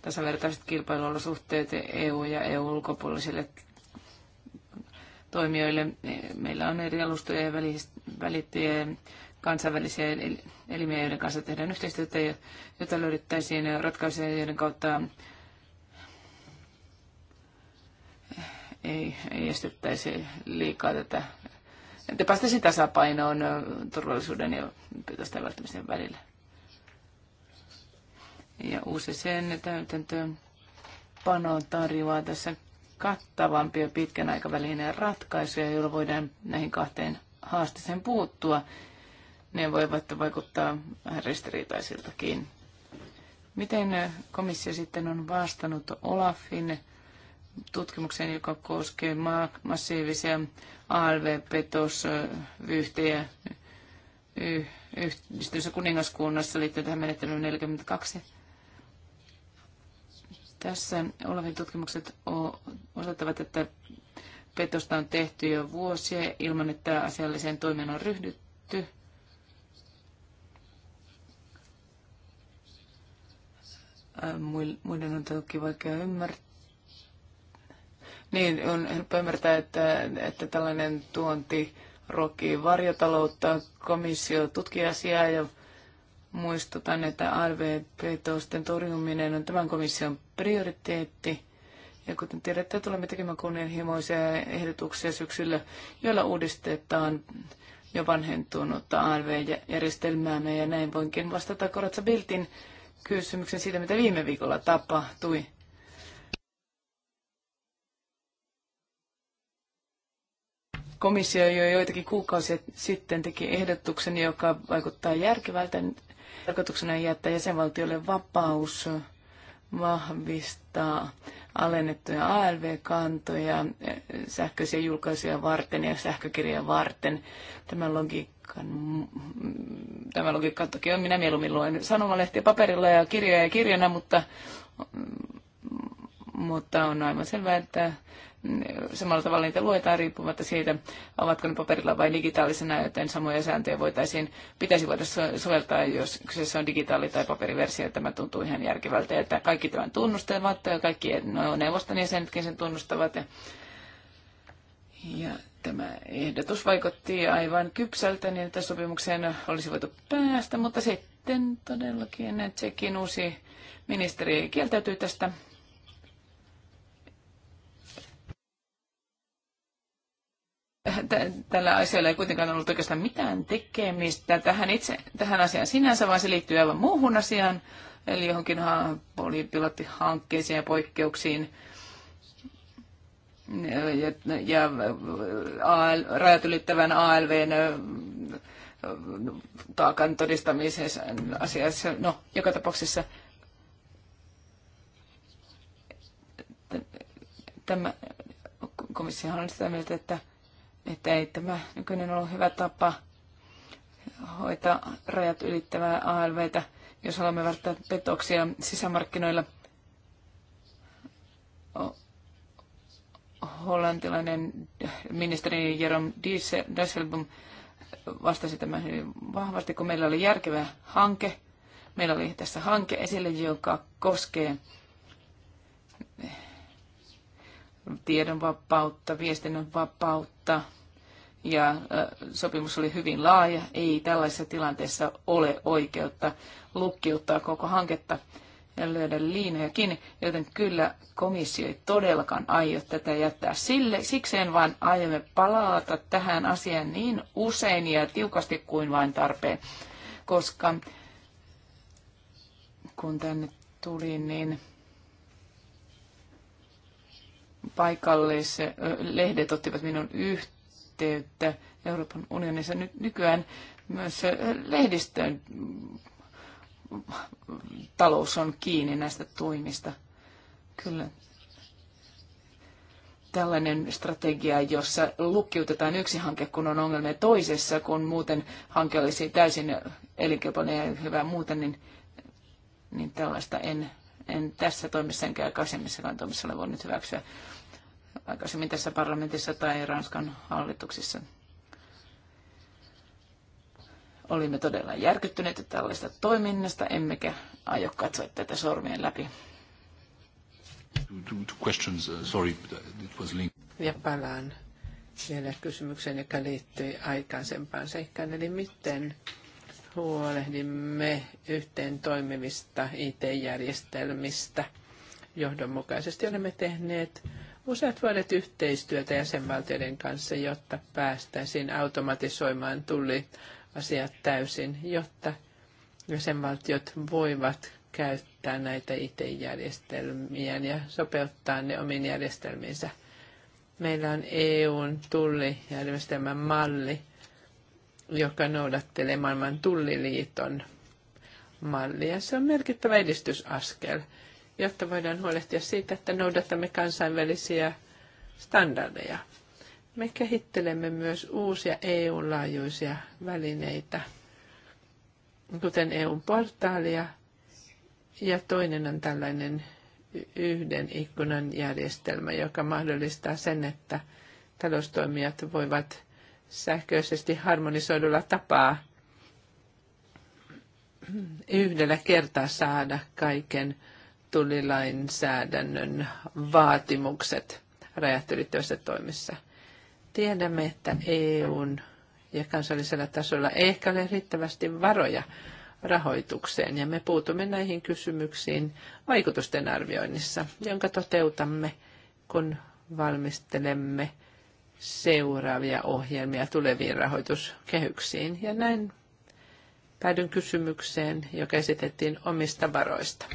tasavertaiset kilpailuolosuhteet EU- ja EU-ulkopuolisille toimijoille. Meillä on eri alustoja ja välittäjiä ja kansainvälisiä elimiä, joiden kanssa tehdään yhteistyötä, jota löydettäisiin ratkaisuja, joiden kautta ei, ei estettäisi liikaa tätä, että päästäisiin tasapainoon turvallisuuden ja pitäisi välttämisen välillä. Ja UCCn täytäntöönpano tarjoaa tässä kattavampia pitkän aikavälin ratkaisuja, joilla voidaan näihin kahteen haasteeseen puuttua. Ne voivat vaikuttaa vähän ristiriitaisiltakin. Miten komissio sitten on vastannut Olafin tutkimukseen, joka koskee massiivisia alv petosvyhtejä yhdistyssä kuningaskunnassa liittyen tähän menettelyyn 42 tässä Olavin tutkimukset osoittavat, että petosta on tehty jo vuosia ilman, että asialliseen toimeen on ryhdytty. Muiden on toki vaikea ymmärtää. Niin, on helppo ymmärtää, että, että tällainen tuonti ruokkii varjotaloutta. Komissio tutkii asiaa ja Muistutan, että RV-petosten torjuminen on tämän komission prioriteetti. Ja kuten tiedätte, tulemme tekemään kunnianhimoisia ehdotuksia syksyllä, joilla uudistetaan jo vanhentunutta ALV-järjestelmäämme. Ja näin voinkin vastata Koratsa Biltin kysymyksen siitä, mitä viime viikolla tapahtui. Komissio jo joitakin kuukausia sitten teki ehdotuksen, joka vaikuttaa järkevältä. Tarkoituksena on jättää jäsenvaltiolle vapaus vahvistaa alennettuja ALV-kantoja sähköisiä julkaisuja varten ja sähkökirjoja varten. Tämän logiikan, tämä logiikka toki on minä mieluummin luen sanomalehtiä paperilla ja kirjoja ja kirjana, mutta, mutta on aivan selvää, että samalla tavalla niitä luetaan riippumatta siitä, ovatko ne paperilla vai digitaalisena, joten samoja sääntöjä voitaisiin, pitäisi voida soveltaa, jos kyseessä on digitaali- tai paperiversio. Tämä tuntuu ihan järkevältä, että kaikki tämän tunnustavat ja kaikki no, neuvoston jäsenetkin sen tunnustavat. Ja, ja tämä ehdotus vaikutti aivan kypsältä, niin että sopimukseen olisi voitu päästä, mutta sitten todellakin Tsekin uusi ministeri kieltäytyi tästä tällä asialla ei kuitenkaan ollut oikeastaan mitään tekemistä tähän, itse, tähän asiaan sinänsä, vaan se liittyy aivan muuhun asiaan, eli johonkin poliipilottihankkeisiin ja poikkeuksiin ja, ja AL, rajat ylittävän ALVn taakan todistamisen asiassa, no joka tapauksessa tämä komissio on sitä mieltä, että että ei tämä nykyinen ollut hyvä tapa hoitaa rajat ylittävää ALVtä, jos haluamme välttää petoksia sisämarkkinoilla. Hollantilainen ministeri Jerome Dieselblom vastasi tämän hyvin vahvasti, kun meillä oli järkevä hanke. Meillä oli tässä hanke esille, joka koskee tiedonvapautta, viestinnän vapautta ja sopimus oli hyvin laaja. Ei tällaisessa tilanteessa ole oikeutta lukkiuttaa koko hanketta ja löydä liinoja kiinni, joten kyllä komissio ei todellakaan aio tätä jättää sille. Sikseen vaan aiomme palata tähän asiaan niin usein ja tiukasti kuin vain tarpeen, koska kun tänne tulin, niin lehdet ottivat minun yhteyttä Euroopan unionissa. Ny- nykyään myös lehdistön talous on kiinni näistä toimista. Kyllä. Tällainen strategia, jossa lukkiutetaan yksi hanke, kun on ongelmia toisessa, kun muuten hanke olisi täysin elinkelpoinen ja hyvä muuten, niin, niin tällaista en, en tässä toimissa enkä aikaisemmissakaan toimissa ole voinut hyväksyä aikaisemmin tässä parlamentissa tai Ranskan hallituksissa. Olimme todella järkyttyneitä tällaista toiminnasta, emmekä aio katsoa tätä sormien läpi. Uh, ja palaan vielä kysymykseen, joka liittyy aikaisempaan seikkaan, eli miten huolehdimme yhteen toimivista IT-järjestelmistä johdonmukaisesti. Olemme tehneet Useat vuodet yhteistyötä jäsenvaltioiden kanssa, jotta päästäisiin automatisoimaan asiat täysin, jotta jäsenvaltiot voivat käyttää näitä IT-järjestelmiä ja sopeuttaa ne omiin järjestelmiinsä. Meillä on EUn tullijärjestelmän malli, joka noudattelee maailman tulliliiton mallia. Se on merkittävä edistysaskel jotta voidaan huolehtia siitä, että noudatamme kansainvälisiä standardeja. Me kehittelemme myös uusia EU-laajuisia välineitä, kuten EU-portaalia, ja toinen on tällainen yhden ikkunan järjestelmä, joka mahdollistaa sen, että taloustoimijat voivat sähköisesti harmonisoidulla tapaa yhdellä kertaa saada kaiken tullilainsäädännön vaatimukset rajat ylittävissä toimissa. Tiedämme, että EUn ja kansallisella tasolla ei ehkä ole riittävästi varoja rahoitukseen, ja me puutumme näihin kysymyksiin vaikutusten arvioinnissa, jonka toteutamme, kun valmistelemme seuraavia ohjelmia tuleviin rahoituskehyksiin. Ja näin päädyn kysymykseen, joka esitettiin omista varoista.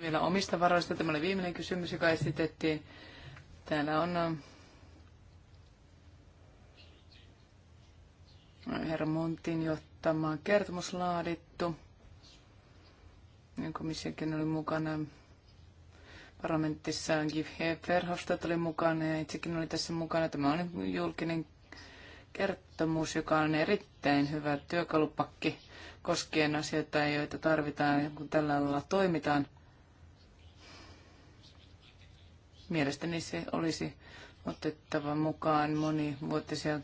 Vielä omista varoista. Tämä oli viimeinen kysymys, joka esitettiin. Täällä on äh, herra Montin johtama kertomus laadittu. Komissiokin oli mukana parlamentissa. Gif Verhofstadt oli mukana ja itsekin oli tässä mukana. Tämä on julkinen kertomus, joka on erittäin hyvä työkalupakki koskien asioita, joita tarvitaan, kun tällä alalla toimitaan. Mielestäni se olisi otettava mukaan monivuotisia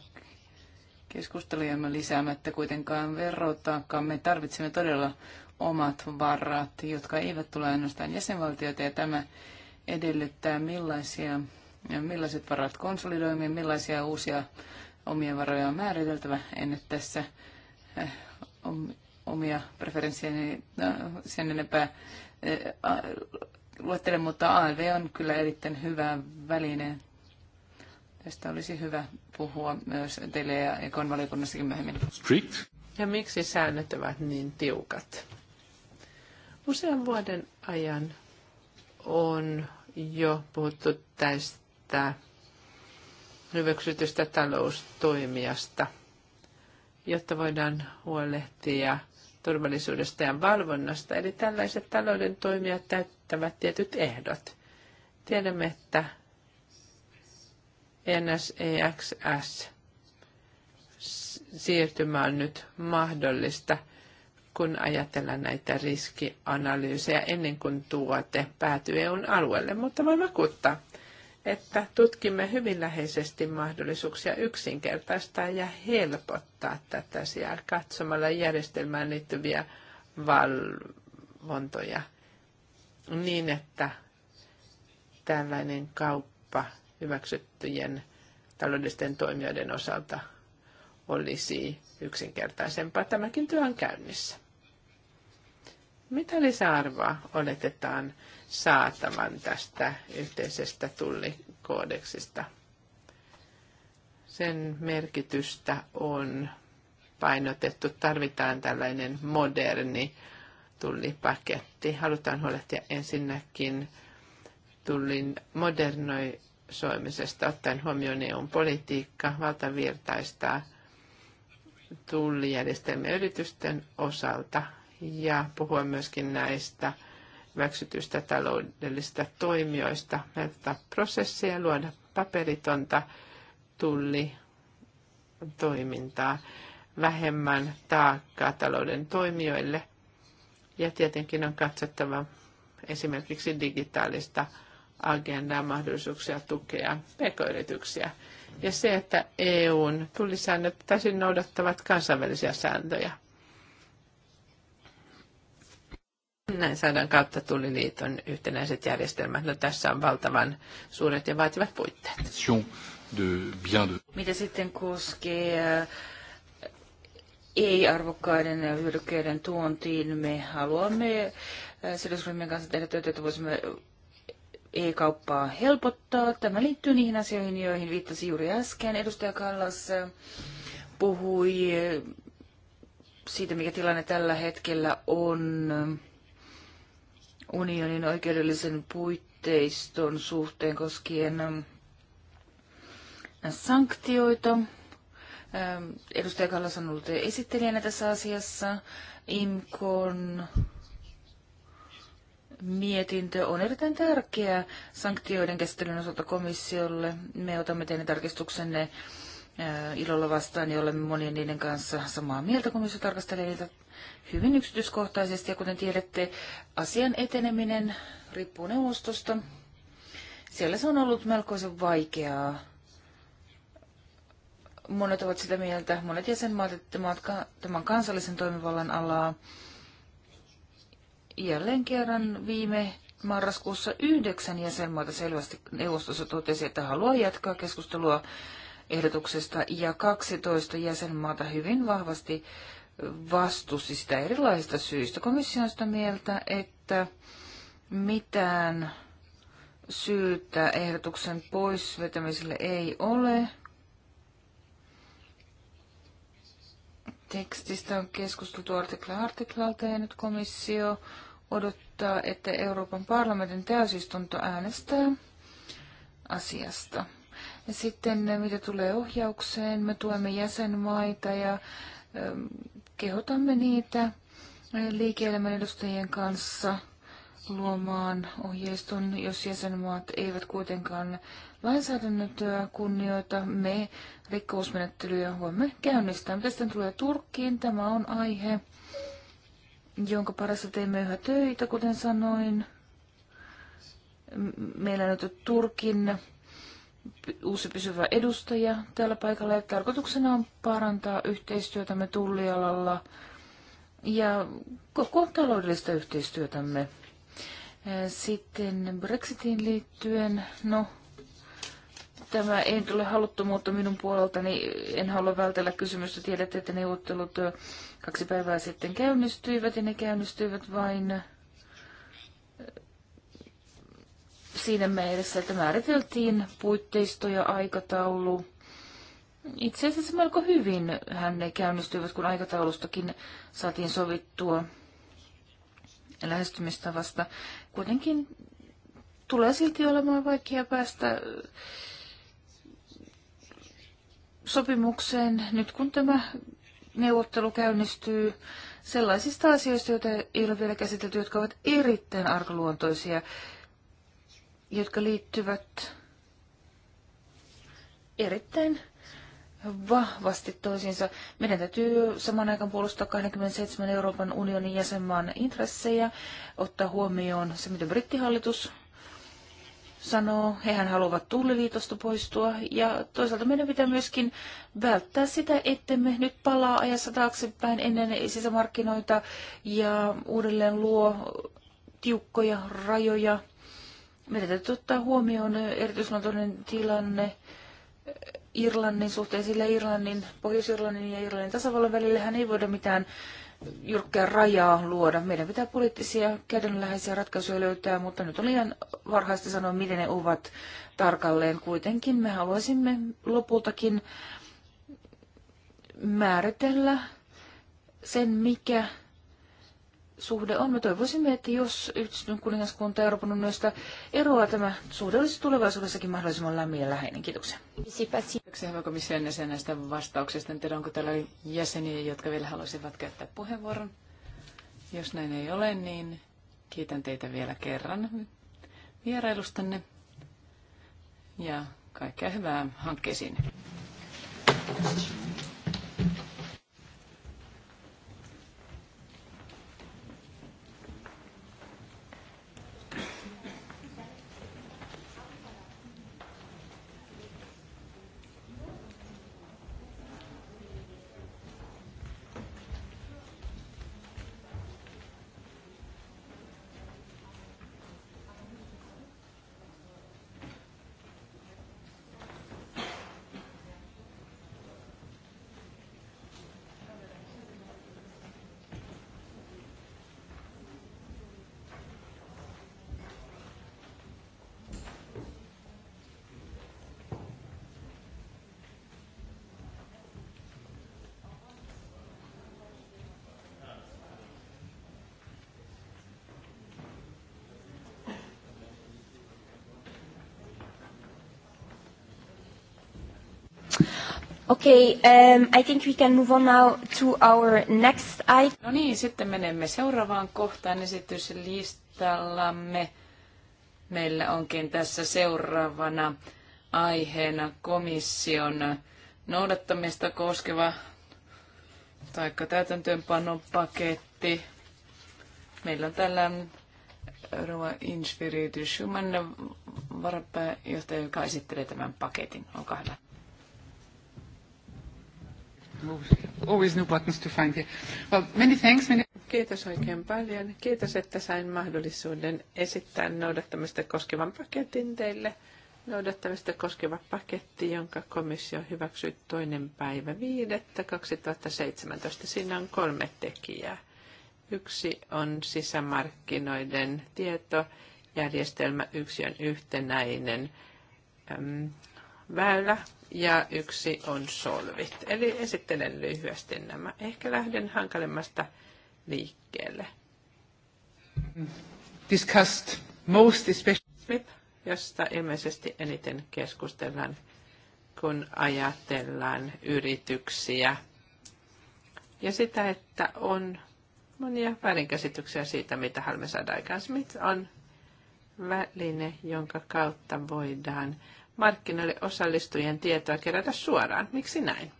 keskustelujamme lisäämättä kuitenkaan verrotaakaan. Me tarvitsemme todella omat varat, jotka eivät tule ainoastaan jäsenvaltioita, ja tämä edellyttää millaisia, millaiset varat konsolidoimme, millaisia uusia omia varoja on määriteltävä. En nyt tässä eh, omia preferenssiäni eh, sen enempää eh, luettele, mutta ALV on kyllä erittäin hyvä väline. Tästä olisi hyvä puhua myös teille ja Ekon valiokunnassakin myöhemmin. Strict. Ja miksi säännöt ovat niin tiukat? Usean vuoden ajan on jo puhuttu tästä ryveksytystä taloustoimijasta, jotta voidaan huolehtia turvallisuudesta ja valvonnasta. Eli tällaiset talouden toimijat täyttävät tietyt ehdot. Tiedämme, että NSEXS e siirtymä on nyt mahdollista, kun ajatellaan näitä riskianalyysejä ennen kuin tuote päätyy EUn alueelle. Mutta voin vakuuttaa, että tutkimme hyvin läheisesti mahdollisuuksia yksinkertaistaa ja helpottaa tätä siellä katsomalla järjestelmään liittyviä valvontoja niin, että tällainen kauppa hyväksyttyjen taloudellisten toimijoiden osalta olisi yksinkertaisempaa. Tämäkin työ on käynnissä. Mitä lisäarvoa oletetaan saatavan tästä yhteisestä tullikoodeksista? Sen merkitystä on painotettu. Tarvitaan tällainen moderni tullipaketti. Halutaan huolehtia ensinnäkin tullin modernoisoimisesta ottaen huomioon EUn politiikka, valtavirtaista tullijärjestelmien yritysten osalta ja puhua myöskin näistä väksytystä taloudellisista toimijoista, että prosesseja, luoda paperitonta tullitoimintaa, vähemmän taakkaa talouden toimijoille. Ja tietenkin on katsottava esimerkiksi digitaalista agendaa, mahdollisuuksia tukea pk-yrityksiä. Ja se, että EUn tullisäännöt täysin noudattavat kansainvälisiä sääntöjä. Näin saadaan kautta liiton yhtenäiset järjestelmät. No, tässä on valtavan suuret ja vaativat puitteet. Mitä sitten koskee äh, ei-arvokkaiden hyödykkeiden tuontiin? Me haluamme äh, sidosryhmien kanssa tehdä työtä, että voisimme e-kauppaa helpottaa. Tämä liittyy niihin asioihin, joihin viittasi juuri äsken. Edustaja Kallas äh, puhui siitä, mikä tilanne tällä hetkellä on unionin oikeudellisen puitteiston suhteen koskien ähm, sanktioita. Ähm, edustaja Kallas on ollut esittelijänä tässä asiassa. IMKON mietintö on erittäin tärkeä sanktioiden käsittelyn osalta komissiolle. Me otamme teidän tarkistuksenne äh, ilolla vastaan ja olemme monien niiden kanssa samaa mieltä. Komissio tarkastelee niitä hyvin yksityiskohtaisesti. Ja kuten tiedätte, asian eteneminen riippuu neuvostosta. Siellä se on ollut melkoisen vaikeaa. Monet ovat sitä mieltä, monet jäsenmaat, että tämän kansallisen toimivallan alaa. Jälleen kerran viime marraskuussa yhdeksän jäsenmaata selvästi neuvostossa totesi, että haluaa jatkaa keskustelua ehdotuksesta ja 12 jäsenmaata hyvin vahvasti vastusti sitä erilaisista syistä. Komissio on sitä mieltä, että mitään syytä ehdotuksen poisvetämiselle ei ole. Tekstistä on keskusteltu artikla artiklalta ja nyt komissio odottaa, että Euroopan parlamentin täysistunto äänestää asiasta. Ja sitten mitä tulee ohjaukseen, me tuemme jäsenmaita ja ähm, kehotamme niitä liike-elämän edustajien kanssa luomaan ohjeiston, jos jäsenmaat eivät kuitenkaan lainsäädännötöä kunnioita. Me rikkousmenettelyjä voimme käynnistää. Mitä sitten tulee Turkkiin? Tämä on aihe, jonka parissa teemme yhä töitä, kuten sanoin. Meillä nyt Turkin uusi pysyvä edustaja täällä paikalla. Ja tarkoituksena on parantaa yhteistyötämme tullialalla ja koko taloudellista yhteistyötämme. Äh, sitten Brexitiin liittyen, no tämä ei tule haluttomuutta minun puoleltani. En halua vältellä kysymystä. Tiedätte, että neuvottelut äh, kaksi päivää sitten käynnistyivät ja ne käynnistyivät vain siinä mielessä, että määriteltiin puitteisto ja aikataulu. Itse asiassa melko hyvin hän ne käynnistyivät, kun aikataulustakin saatiin sovittua lähestymistavasta. Kuitenkin tulee silti olemaan vaikea päästä sopimukseen nyt kun tämä neuvottelu käynnistyy sellaisista asioista, joita ei ole vielä käsitelty, jotka ovat erittäin arkaluontoisia jotka liittyvät erittäin vahvasti toisiinsa. Meidän täytyy saman aikaan puolustaa 27 Euroopan unionin jäsenmaan intressejä, ottaa huomioon se, mitä brittihallitus sanoo, hehän haluavat tulliliitosta poistua, ja toisaalta meidän pitää myöskin välttää sitä, ettemme nyt palaa ajassa taaksepäin ennen sisämarkkinoita ja uudelleen luo tiukkoja rajoja meidän täytyy ottaa huomioon erityisluontoinen tilanne Irlannin suhteen, sillä Irlannin, Pohjois-Irlannin ja Irlannin tasavallan välillähän ei voida mitään jyrkkää rajaa luoda. Meidän pitää poliittisia kädenläheisiä ratkaisuja löytää, mutta nyt on liian varhaista sanoa, miten ne ovat tarkalleen. Kuitenkin me haluaisimme lopultakin määritellä sen, mikä suhde on. Me toivoisimme, että jos yhdistynyt kuningaskunta Euroopan unionista eroaa, tämä suhde olisi tulevaisuudessakin mahdollisimman lämmin ja läheinen. Kiitoksia. Kiitoksia hyvä komission jäsen näistä vastauksista. En tiedä, onko täällä jäseniä, jotka vielä haluaisivat käyttää puheenvuoron. Jos näin ei ole, niin kiitän teitä vielä kerran vierailustanne ja kaikkea hyvää hankkeisiin. Okay, um, I think we can move on now to our next item. No niin, sitten menemme seuraavaan kohtaan esityslistallamme. Meillä onkin tässä seuraavana aiheena komission noudattamista koskeva taikka täytäntöönpanopaketti. Meillä on tällä Rova Inspiritus Schumann, varapääjohtaja, joka esittelee tämän paketin. Olkaa hyvä. Always new buttons to find here. Well, many thanks. Many... Kiitos oikein paljon. Kiitos, että sain mahdollisuuden esittää noudattamista koskevan paketin teille. Noudattamista koskeva paketti, jonka komissio hyväksyi toinen päivä viidettä 2017. Siinä on kolme tekijää. Yksi on sisämarkkinoiden tietojärjestelmä, yksi on yhtenäinen väylä ja yksi on solvit. Eli esittelen lyhyesti nämä. Ehkä lähden hankalimmasta liikkeelle. Discussed most especially. josta ilmeisesti eniten keskustellaan, kun ajatellaan yrityksiä. Ja sitä, että on monia väärinkäsityksiä siitä, mitä Halme saada aikaan. Smith on väline, jonka kautta voidaan markkinoille osallistujien tietoa kerätä suoraan. Miksi näin?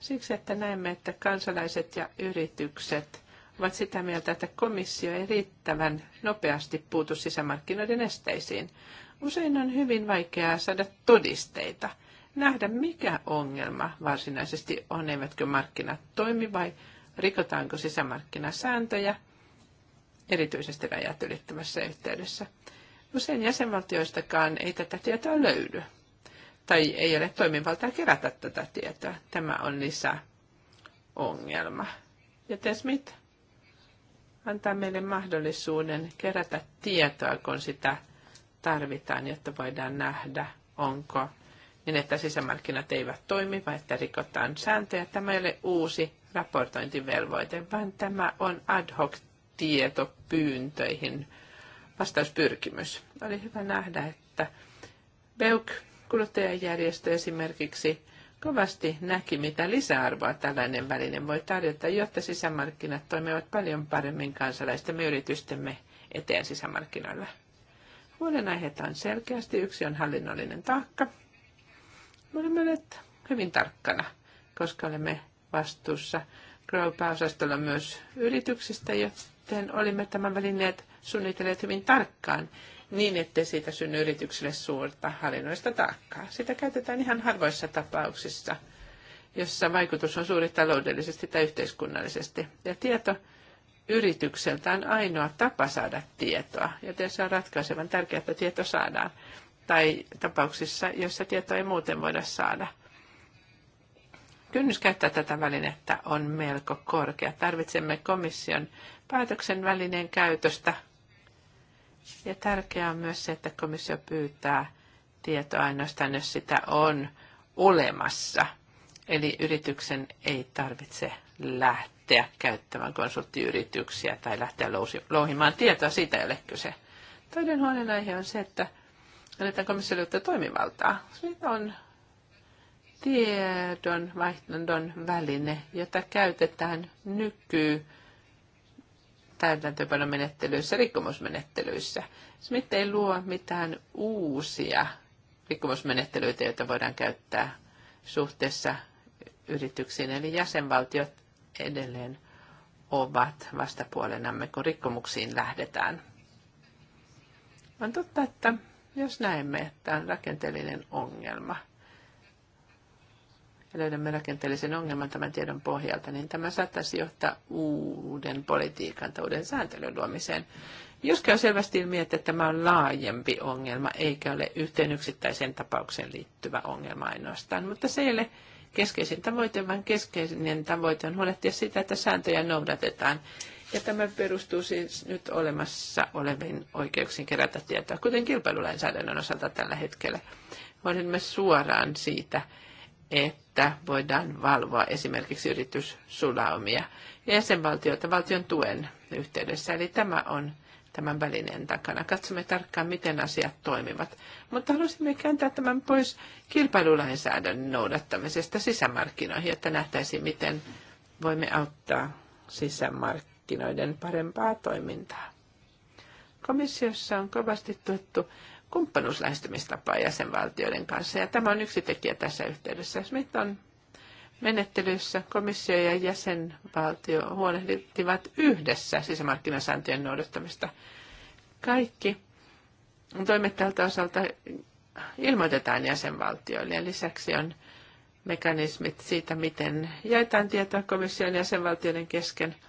Siksi, että näemme, että kansalaiset ja yritykset ovat sitä mieltä, että komissio ei riittävän nopeasti puutu sisämarkkinoiden esteisiin. Usein on hyvin vaikeaa saada todisteita, nähdä mikä ongelma varsinaisesti on, eivätkö markkinat toimi vai rikotaanko sisämarkkinasääntöjä, erityisesti rajat ylittävässä yhteydessä. Usein no jäsenvaltioistakaan ei tätä tietoa löydy tai ei ole toimivaltaa kerätä tätä tietoa. Tämä on lisäongelma. Joten Smith antaa meille mahdollisuuden kerätä tietoa, kun sitä tarvitaan, jotta voidaan nähdä, onko niin, että sisämarkkinat eivät toimi vai että rikotaan sääntöjä. Tämä ei ole uusi raportointivelvoite, vaan tämä on ad hoc tietopyyntöihin vastauspyrkimys. Oli hyvä nähdä, että BEUK, kuluttajajärjestö esimerkiksi, kovasti näki, mitä lisäarvoa tällainen väline voi tarjota, jotta sisämarkkinat toimivat paljon paremmin kansalaistemme yritystemme eteen sisämarkkinoilla. Huolenaiheita on selkeästi. Yksi on hallinnollinen taakka. olemme olleet hyvin tarkkana, koska olemme vastuussa grow pääosastolla myös yrityksistä, joten olimme tämän välineet suunnitelleet hyvin tarkkaan niin, ettei siitä synny yritykselle suurta hallinnoista taakkaa. Sitä käytetään ihan harvoissa tapauksissa, jossa vaikutus on suuri taloudellisesti tai yhteiskunnallisesti. Ja tieto yritykseltä on ainoa tapa saada tietoa, joten se on ratkaisevan tärkeää, että tieto saadaan. Tai tapauksissa, joissa tietoa ei muuten voida saada. Kynnys käyttää tätä välinettä on melko korkea. Tarvitsemme komission päätöksen välineen käytöstä ja tärkeää on myös se, että komissio pyytää tietoa ainoastaan, jos sitä on olemassa. Eli yrityksen ei tarvitse lähteä käyttämään konsulttiyrityksiä tai lähteä louhimaan tietoa. Siitä ei ole kyse. Toinen huolenaihe on se, että annetaan komissiolle uutta toimivaltaa. Siitä on tiedon vaihdon väline, jota käytetään nyky- täytäntöpanomenettelyissä, rikkomusmenettelyissä. Smith ei luo mitään uusia rikkomusmenettelyitä, joita voidaan käyttää suhteessa yrityksiin. Eli jäsenvaltiot edelleen ovat vastapuolenamme, kun rikkomuksiin lähdetään. On totta, että jos näemme, että on rakenteellinen ongelma – ja löydämme rakenteellisen ongelman tämän tiedon pohjalta, niin tämä saattaisi johtaa uuden politiikan tai uuden sääntelyn luomiseen. Jos käy selvästi ilmi, että tämä on laajempi ongelma, eikä ole yhteen yksittäiseen tapaukseen liittyvä ongelma ainoastaan, mutta se ei ole keskeisin tavoite, vaan keskeinen tavoite on huolehtia sitä, että sääntöjä noudatetaan. Ja tämä perustuu siis nyt olemassa oleviin oikeuksiin kerätä tietoa, kuten kilpailulainsäädännön osalta tällä hetkellä. Voimme suoraan siitä, että voidaan valvoa esimerkiksi yrityssulaumia jäsenvaltioita valtion tuen yhteydessä. Eli tämä on tämän välineen takana. Katsomme tarkkaan, miten asiat toimivat. Mutta halusimme kääntää tämän pois kilpailulainsäädännön noudattamisesta sisämarkkinoihin, jotta nähtäisiin, miten voimme auttaa sisämarkkinoiden parempaa toimintaa. Komissiossa on kovasti tuettu kumppanuuslähestymistapaa jäsenvaltioiden kanssa. Ja tämä on yksi tekijä tässä yhteydessä. Smith on menettelyssä komissio ja jäsenvaltio huolehtivat yhdessä sisämarkkinasääntöjen noudattamista. Kaikki toimet tältä osalta ilmoitetaan jäsenvaltioille ja lisäksi on mekanismit siitä, miten jaetaan tietoa komission jäsenvaltioiden kesken –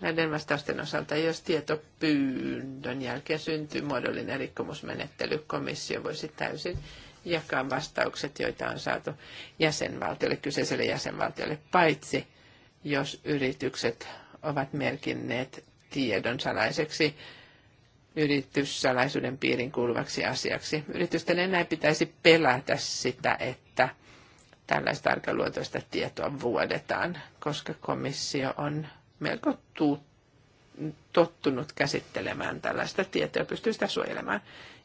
näiden vastausten osalta, jos tietopyynnön jälkeen syntyy muodollinen rikkomusmenettely, komissio voisi täysin jakaa vastaukset, joita on saatu jäsenvaltiolle, kyseiselle jäsenvaltiolle, paitsi jos yritykset ovat merkinneet tiedon salaiseksi yrityssalaisuuden piirin kuuluvaksi asiaksi. Yritysten enää pitäisi pelätä sitä, että tällaista arkaluotoista tietoa vuodetaan, koska komissio on melko tu- tottunut käsittelemään tällaista tietoa ja pystyy sitä suojelemaan.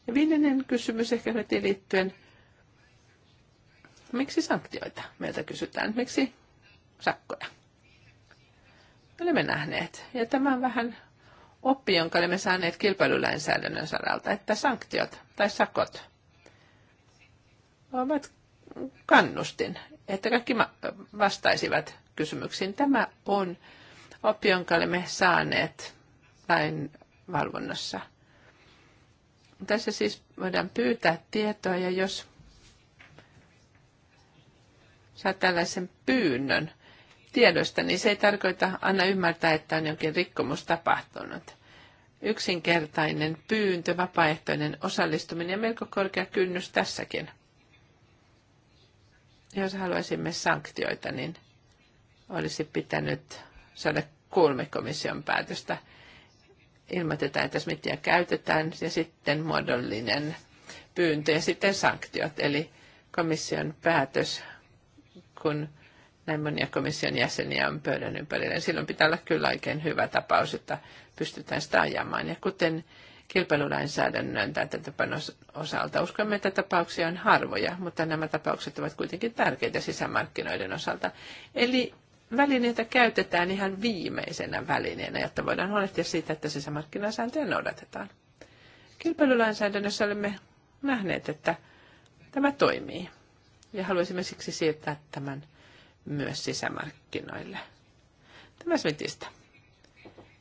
Ja viimeinen kysymys ehkä heti liittyen, miksi sanktioita meiltä kysytään, miksi sakkoja? Olemme nähneet, ja tämä on vähän oppi, jonka olemme saaneet kilpailulainsäädännön saralta, että sanktiot tai sakot ovat kannustin, että kaikki vastaisivat kysymyksiin. Tämä on oppi, jonka olemme saaneet lain valvonnassa. Tässä siis voidaan pyytää tietoa ja jos saa tällaisen pyynnön tiedosta, niin se ei tarkoita anna ymmärtää, että on jonkin rikkomus tapahtunut. Yksinkertainen pyyntö, vapaaehtoinen osallistuminen ja melko korkea kynnys tässäkin. Jos haluaisimme sanktioita, niin olisi pitänyt saada kolme komission päätöstä. Ilmoitetaan, että smittiä käytetään ja sitten muodollinen pyyntö ja sitten sanktiot. Eli komission päätös, kun näin monia komission jäseniä on pöydän ympärillä. Niin silloin pitää olla kyllä oikein hyvä tapaus, että pystytään sitä ajamaan. Ja kuten kilpailulainsäädännön tai osalta. Uskomme, että tapauksia on harvoja, mutta nämä tapaukset ovat kuitenkin tärkeitä sisämarkkinoiden osalta. Eli välineitä käytetään ihan viimeisenä välineenä, jotta voidaan huolehtia siitä, että sisämarkkinasääntöjä noudatetaan. Kilpailulainsäädännössä olemme nähneet, että tämä toimii ja haluaisimme siksi siirtää tämän myös sisämarkkinoille. Tämä Smitistä.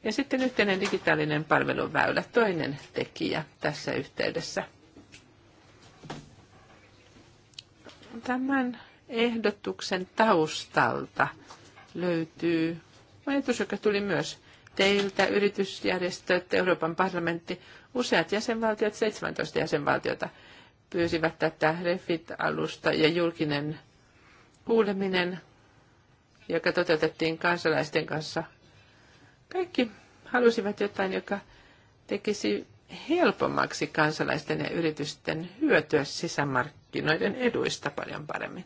Ja sitten yhteinen digitaalinen palveluväylä, toinen tekijä tässä yhteydessä. Tämän ehdotuksen taustalta – löytyy ajatus, joka tuli myös teiltä, yritysjärjestöt, Euroopan parlamentti, useat jäsenvaltiot, 17 jäsenvaltiota pyysivät tätä Refit-alusta ja julkinen kuuleminen, joka toteutettiin kansalaisten kanssa. Kaikki halusivat jotain, joka tekisi helpommaksi kansalaisten ja yritysten hyötyä sisämarkkinoiden eduista paljon paremmin.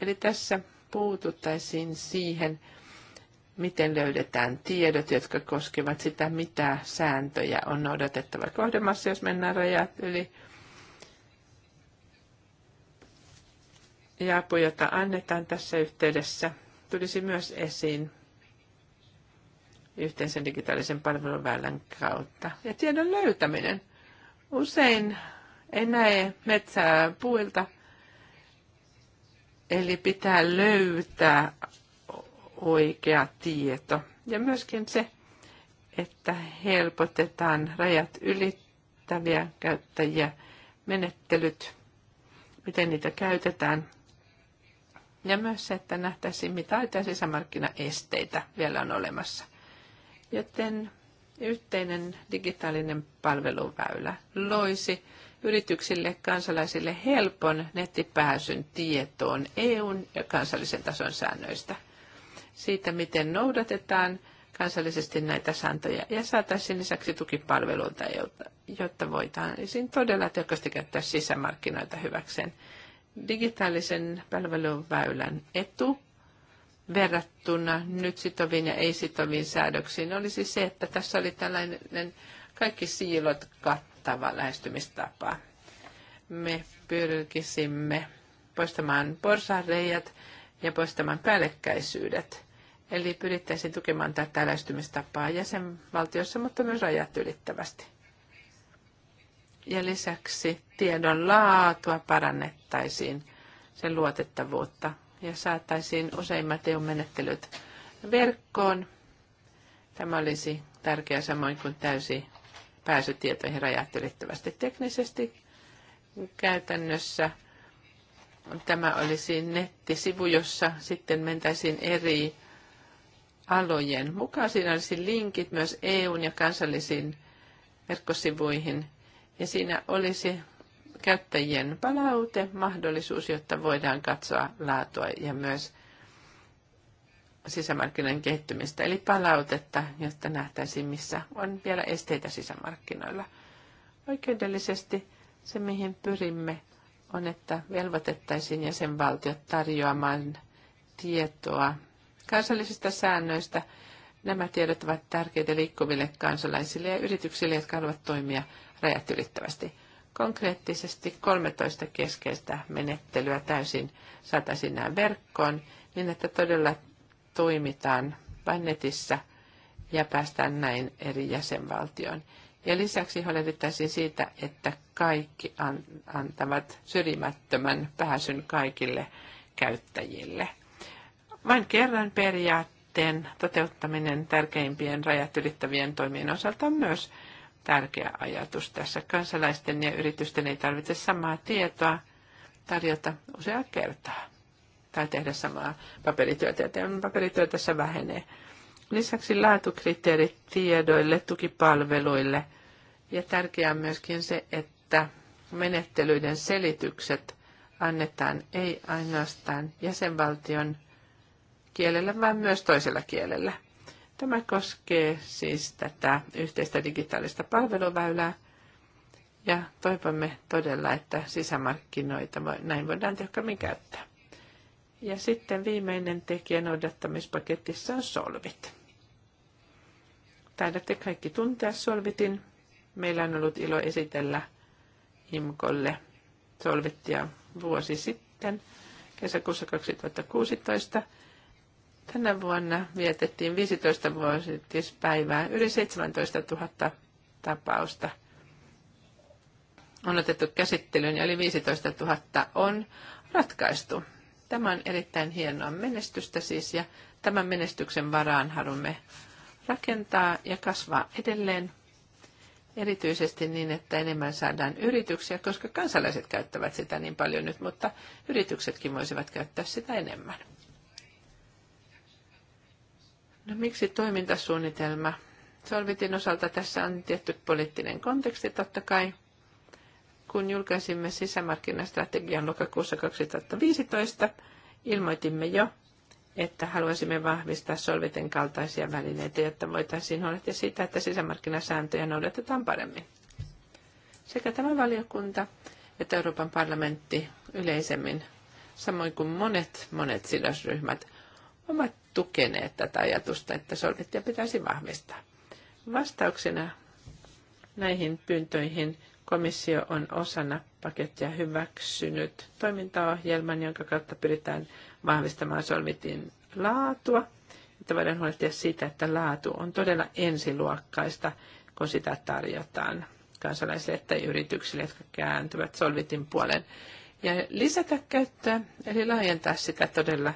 Eli tässä puututtaisiin siihen, miten löydetään tiedot, jotka koskevat sitä, mitä sääntöjä on noudatettava kohdemassa, jos mennään rajat yli. Ja apu, jota annetaan tässä yhteydessä, tulisi myös esiin yhteisen digitaalisen palveluväylän kautta. Ja tiedon löytäminen. Usein ei näe metsää puilta – Eli pitää löytää oikea tieto. Ja myöskin se, että helpotetaan rajat ylittäviä käyttäjiä, menettelyt, miten niitä käytetään. Ja myös se, että nähtäisiin, mitä aitoja sisämarkkinaesteitä vielä on olemassa. Joten yhteinen digitaalinen palveluväylä loisi yrityksille, kansalaisille helpon nettipääsyn tietoon EUn ja kansallisen tason säännöistä. Siitä, miten noudatetaan kansallisesti näitä sääntöjä ja saataisiin lisäksi tukipalveluilta, jotta voitaisiin todella tehokkaasti käyttää sisämarkkinoita hyväkseen. Digitaalisen palveluväylän etu verrattuna nyt sitoviin ja ei-sitoviin säädöksiin olisi se, että tässä oli tällainen kaikki siilot katto kattavaa lähestymistapaa. Me pyrkisimme poistamaan porsareijat ja poistamaan päällekkäisyydet. Eli pyrittäisiin tukemaan tätä lähestymistapaa jäsenvaltiossa, mutta myös rajat ylittävästi. Ja lisäksi tiedon laatua parannettaisiin, sen luotettavuutta ja saataisiin useimmat EU-menettelyt verkkoon. Tämä olisi tärkeää samoin kuin täysi pääsy tietoihin rajat ylittävästi teknisesti. Käytännössä tämä olisi nettisivu, jossa sitten mentäisiin eri alojen mukaan. Siinä olisi linkit myös EUn ja kansallisiin verkkosivuihin. Ja siinä olisi käyttäjien mahdollisuus, jotta voidaan katsoa laatua ja myös sisämarkkinoiden kehittymistä, eli palautetta, jotta nähtäisiin, missä on vielä esteitä sisämarkkinoilla. Oikeudellisesti se, mihin pyrimme, on, että velvoitettaisiin jäsenvaltiot tarjoamaan tietoa kansallisista säännöistä. Nämä tiedot ovat tärkeitä liikkuville kansalaisille ja yrityksille, jotka haluavat toimia rajat ylittävästi. Konkreettisesti 13 keskeistä menettelyä täysin saataisiin nämä verkkoon, niin että todella toimitaan vain netissä ja päästään näin eri jäsenvaltioon. Ja lisäksi huolehdittaisiin siitä, että kaikki antavat syrjimättömän pääsyn kaikille käyttäjille. Vain kerran periaatteen toteuttaminen tärkeimpien rajat ylittävien toimien osalta on myös tärkeä ajatus tässä. Kansalaisten ja yritysten ei tarvitse samaa tietoa tarjota useaa kertaa tai tehdä samaa paperityötä, joten paperityö tässä vähenee. Lisäksi laatukriteerit tiedoille, tukipalveluille ja tärkeää on myöskin se, että menettelyiden selitykset annetaan ei ainoastaan jäsenvaltion kielellä, vaan myös toisella kielellä. Tämä koskee siis tätä yhteistä digitaalista palveluväylää ja toivomme todella, että sisämarkkinoita näin voidaan tehokkaammin käyttää. Ja sitten viimeinen tekijä noudattamispaketissa on solvit. Taidatte kaikki tuntea solvitin. Meillä on ollut ilo esitellä IMKOlle solvittia vuosi sitten, kesäkuussa 2016. Tänä vuonna vietettiin 15 vuosittispäivää yli 17 000 tapausta on otettu käsittelyyn ja yli 15 000 on ratkaistu. Tämä on erittäin hienoa menestystä siis ja tämän menestyksen varaan haluamme rakentaa ja kasvaa edelleen. Erityisesti niin, että enemmän saadaan yrityksiä, koska kansalaiset käyttävät sitä niin paljon nyt, mutta yrityksetkin voisivat käyttää sitä enemmän. No miksi toimintasuunnitelma? Solvitin osalta tässä on tietty poliittinen konteksti totta kai kun julkaisimme sisämarkkinastrategian lokakuussa 2015, ilmoitimme jo, että haluaisimme vahvistaa solviten kaltaisia välineitä, jotta voitaisiin huolehtia siitä, että sisämarkkinasääntöjä noudatetaan paremmin. Sekä tämä valiokunta että Euroopan parlamentti yleisemmin, samoin kuin monet, monet sidosryhmät, ovat tukeneet tätä ajatusta, että solvittia pitäisi vahvistaa. Vastauksena näihin pyyntöihin Komissio on osana pakettia hyväksynyt toimintaohjelman, jonka kautta pyritään vahvistamaan solmitin laatua, että voidaan huolehtia siitä, että laatu on todella ensiluokkaista, kun sitä tarjotaan kansalaisille tai yrityksille, jotka kääntyvät solvitin puolen. Ja lisätä käyttöä, eli laajentaa sitä todella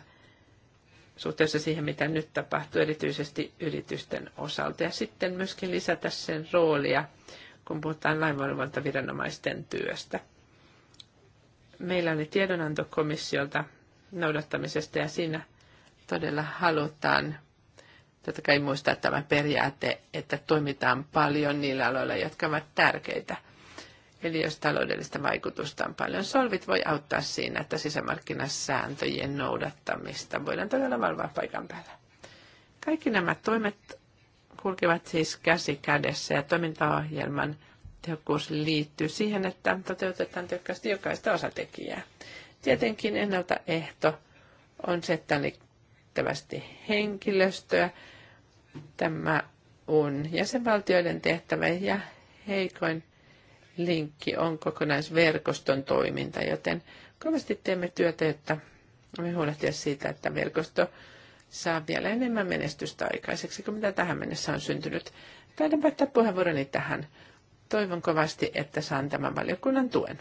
suhteessa siihen, mitä nyt tapahtuu erityisesti yritysten osalta. Ja sitten myöskin lisätä sen roolia kun puhutaan lainvalvontaviranomaisten työstä. Meillä oli tiedonanto komissiolta noudattamisesta ja siinä todella halutaan totta kai muistaa tämä periaate, että toimitaan paljon niillä aloilla, jotka ovat tärkeitä. Eli jos taloudellista vaikutusta on paljon, solvit voi auttaa siinä, että sisämarkkinasääntöjen noudattamista voidaan todella valvoa paikan päällä. Kaikki nämä toimet kulkevat siis käsi kädessä ja toimintaohjelman tehokkuus liittyy siihen, että toteutetaan tehokkaasti jokaista osatekijää. Tietenkin ennaltaehto on se, että on riittävästi henkilöstöä. Tämä on jäsenvaltioiden tehtävä ja heikoin linkki on kokonaisverkoston toiminta, joten kovasti teemme työtä, jotta me huolehtia siitä, että verkosto saa vielä enemmän menestystä aikaiseksi kuin mitä tähän mennessä on syntynyt. Päätän päättää puheenvuoroni tähän. Toivon kovasti, että saan tämän valiokunnan tuen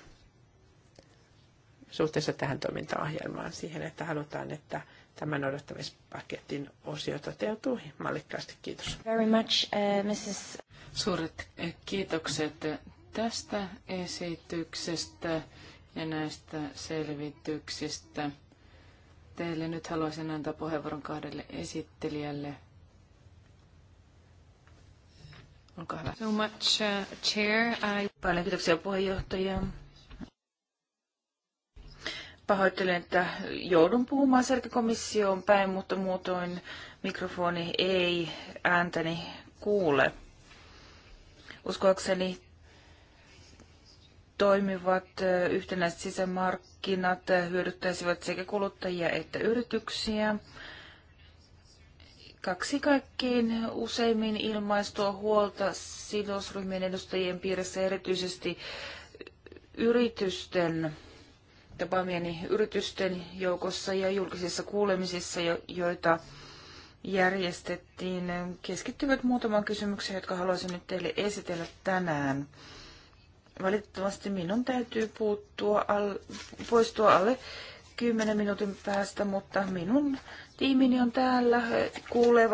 suhteessa tähän toimintaohjelmaan siihen, että halutaan, että tämän odottamispaketin osio toteutuu mallikkaasti. Kiitos. Very much, uh, Mrs. Suuret kiitokset tästä esityksestä ja näistä selvityksistä teille. Nyt haluaisin antaa puheenvuoron kahdelle esittelijälle. Olkaa hyvä. So much, uh, chair. I... Paljon kiitoksia puheenjohtaja. Pahoittelen, että joudun puhumaan selkäkomissioon päin, mutta muutoin mikrofoni ei ääntäni kuule. Uskoakseni toimivat yhtenäiset sisämarkkinat hyödyttäisivät sekä kuluttajia että yrityksiä. Kaksi kaikkein useimmin ilmaistua huolta sidosryhmien edustajien piirissä erityisesti yritysten tapaamieni yritysten joukossa ja julkisissa kuulemisissa, joita järjestettiin, keskittyvät muutamaan kysymykseen, jotka haluaisin nyt teille esitellä tänään. Valitettavasti minun täytyy puuttua al, poistua alle 10 minuutin päästä, mutta minun tiimini on täällä. Kuulee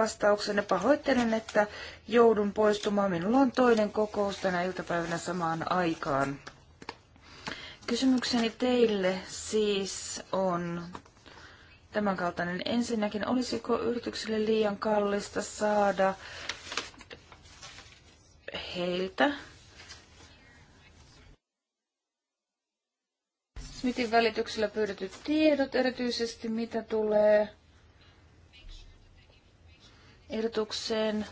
ja Pahoittelen, että joudun poistumaan. Minulla on toinen kokous tänä iltapäivänä samaan aikaan. Kysymykseni teille siis on tämänkaltainen. Ensinnäkin, olisiko yritykselle liian kallista saada heiltä Smithin välityksellä pyydetyt tiedot, erityisesti mitä tulee ehdotukseen.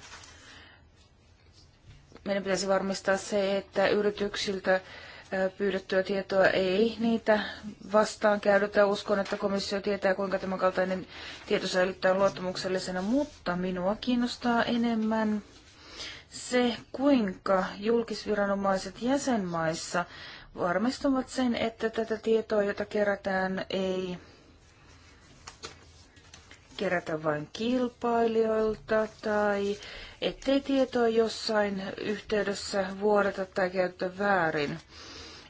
Meidän pitäisi varmistaa se, että yrityksiltä pyydettyä tietoa ei niitä vastaan käydytä. Uskon, että komissio tietää, kuinka tämän kaltainen tieto säilyttää luottamuksellisena, mutta minua kiinnostaa enemmän se, kuinka julkisviranomaiset jäsenmaissa varmistavat sen, että tätä tietoa, jota kerätään, ei kerätä vain kilpailijoilta tai ettei tietoa jossain yhteydessä vuodata tai käytä väärin.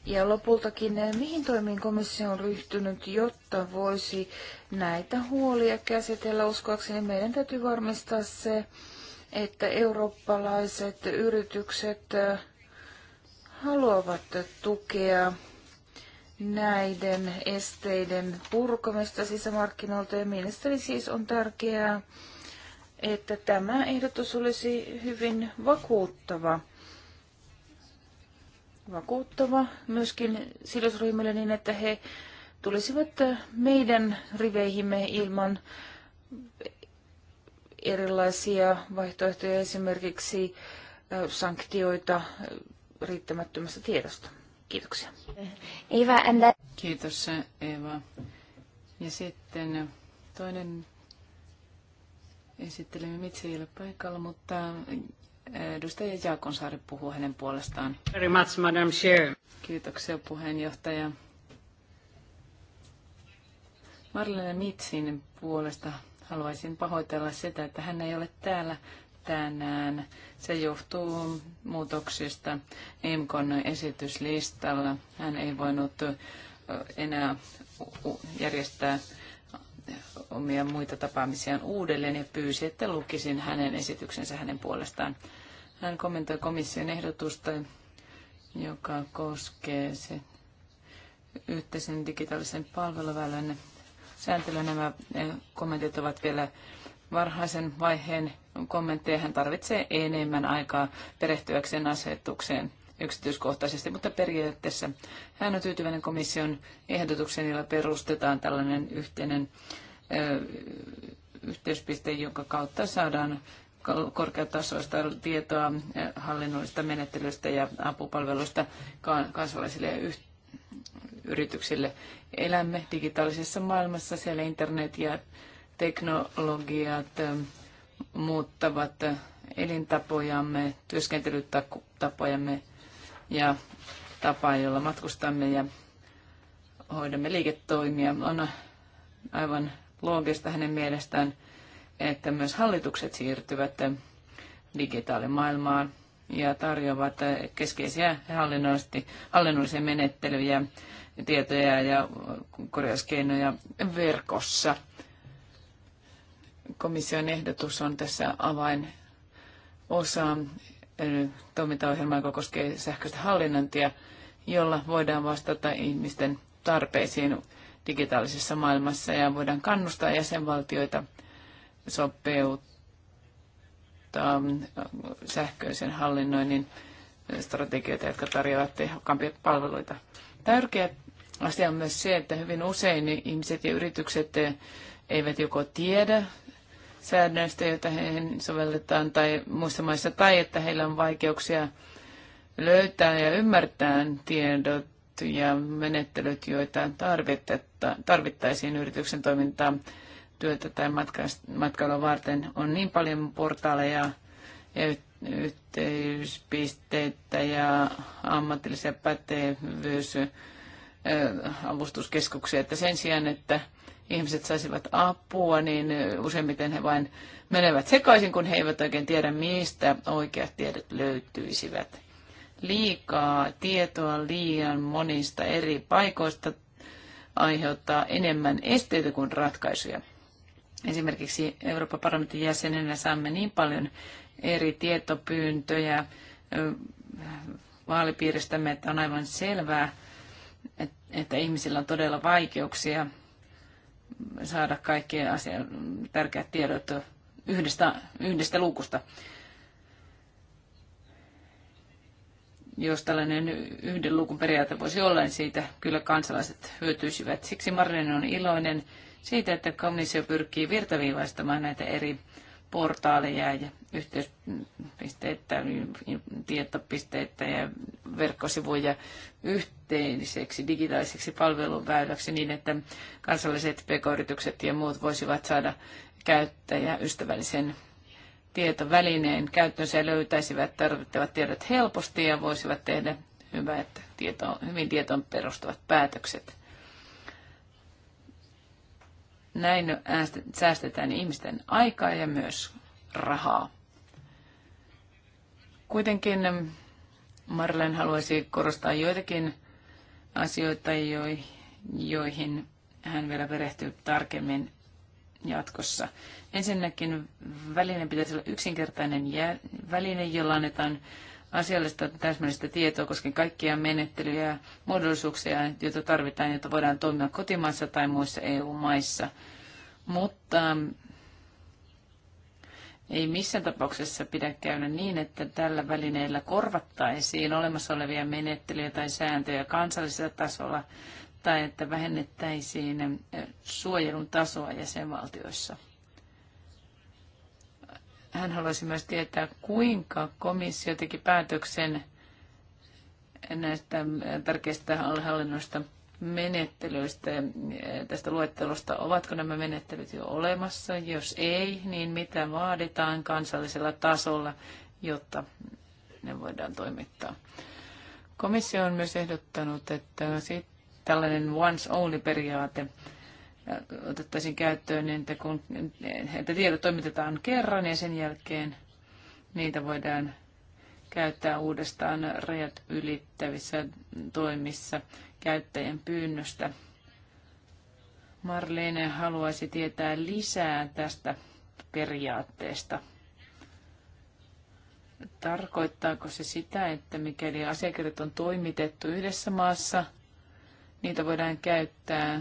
Ja lopultakin, eh, mihin toimiin komissio on ryhtynyt, jotta voisi näitä huolia käsitellä? Uskoakseni meidän täytyy varmistaa se, että eurooppalaiset yritykset eh, haluavat tukea näiden esteiden purkamista sisämarkkinoilta ja mielestäni siis on tärkeää, että tämä ehdotus olisi hyvin vakuuttava. Vakuuttava myöskin sidosryhmille niin, että he tulisivat meidän riveihimme ilman erilaisia vaihtoehtoja, esimerkiksi sanktioita riittämättömästä tiedosta. Kiitoksia. Eva, and Kiitos Eva. Ja sitten toinen esittelemme itse ei ole paikalla, mutta eh, edustaja Jaakonsaari puhuu hänen puolestaan. Very much, Madam Chair. Kiitoksia puheenjohtaja. Marlene Mitsin puolesta haluaisin pahoitella sitä, että hän ei ole täällä tänään. Se johtuu muutoksista IMKon esityslistalla. Hän ei voinut enää järjestää omia muita tapaamisiaan uudelleen ja pyysi, että lukisin hänen esityksensä hänen puolestaan. Hän kommentoi komission ehdotusta, joka koskee se yhteisen digitaalisen palveluväylän sääntelyä. Nämä kommentit ovat vielä varhaisen vaiheen kommentteja. Hän tarvitsee enemmän aikaa perehtyäkseen asetukseen yksityiskohtaisesti, mutta periaatteessa hän on tyytyväinen komission ehdotukseen, jolla perustetaan tällainen yhteinen ö, yhteyspiste, jonka kautta saadaan korkeatasoista tietoa hallinnollista menettelystä ja apupalveluista kansalaisille ja yrityksille. Elämme digitaalisessa maailmassa, siellä internet ja teknologiat muuttavat elintapojamme, työskentelytapojamme ja tapaa, jolla matkustamme ja hoidamme liiketoimia. On aivan loogista hänen mielestään, että myös hallitukset siirtyvät digitaalimaailmaan ja tarjoavat keskeisiä hallinnollisia menettelyjä, tietoja ja korjauskeinoja verkossa. Komission ehdotus on tässä avainosa, toimintaohjelmaa, joka koskee sähköistä hallinnointia, jolla voidaan vastata ihmisten tarpeisiin digitaalisessa maailmassa ja voidaan kannustaa jäsenvaltioita sopeuttaa sähköisen hallinnoinnin strategioita, jotka tarjoavat tehokkaampia palveluita. Tärkeä asia on myös se, että hyvin usein ihmiset ja yritykset eivät joko tiedä säännöistä, joita heihin sovelletaan tai muissa maissa, tai että heillä on vaikeuksia löytää ja ymmärtää tiedot ja menettelyt, joita tarvittaisiin yrityksen toimintaa työtä tai matkailua varten. On niin paljon portaaleja ja yhteyspisteitä ja ammatillisia pätevyys avustuskeskuksia, että sen sijaan, että ihmiset saisivat apua, niin useimmiten he vain menevät sekaisin, kun he eivät oikein tiedä, mistä oikeat tiedot löytyisivät. Liikaa tietoa liian monista eri paikoista aiheuttaa enemmän esteitä kuin ratkaisuja. Esimerkiksi Euroopan parlamentin jäsenenä saamme niin paljon eri tietopyyntöjä vaalipiiristämme, että on aivan selvää, että ihmisillä on todella vaikeuksia saada kaikki asian, tärkeät tiedot yhdestä, yhdestä luukusta. Jos tällainen yhden luukun periaate voisi olla, niin siitä kyllä kansalaiset hyötyisivät. Siksi Marlen on iloinen siitä, että komissio pyrkii virtaviivaistamaan näitä eri portaaleja ja yhteyspisteitä, tietopisteitä ja verkkosivuja yhteiseksi digitaaliseksi palveluväyläksi niin, että kansalliset pk-yritykset ja muut voisivat saada käyttäjäystävällisen tietovälineen käyttöönsä ja löytäisivät tarvittavat tiedot helposti ja voisivat tehdä hyvät tieto, hyvin tietoon perustuvat päätökset. Näin säästetään ihmisten aikaa ja myös rahaa. Kuitenkin ähm, Marlen haluaisi korostaa joitakin asioita, joihin hän vielä perehtyy tarkemmin jatkossa. Ensinnäkin väline pitäisi olla yksinkertainen väline, jolla annetaan asiallista täsmällistä tietoa koskien kaikkia menettelyjä ja muodollisuuksia, joita tarvitaan, jotta voidaan toimia kotimaassa tai muissa EU-maissa. Mutta ei missään tapauksessa pidä käydä niin, että tällä välineellä korvattaisiin olemassa olevia menettelyjä tai sääntöjä kansallisella tasolla tai että vähennettäisiin suojelun tasoa jäsenvaltioissa. Hän haluaisi myös tietää, kuinka komissio teki päätöksen näistä tärkeistä hallinnoista menettelyistä tästä luettelosta. Ovatko nämä menettelyt jo olemassa? Jos ei, niin mitä vaaditaan kansallisella tasolla, jotta ne voidaan toimittaa? Komissio on myös ehdottanut, että tällainen once only periaate otettaisiin käyttöön, niin että, kun, että tiedot toimitetaan kerran ja sen jälkeen niitä voidaan käyttää uudestaan rajat ylittävissä toimissa käyttäjän pyynnöstä. Marlene haluaisi tietää lisää tästä periaatteesta. Tarkoittaako se sitä, että mikäli asiakirjat on toimitettu yhdessä maassa, niitä voidaan käyttää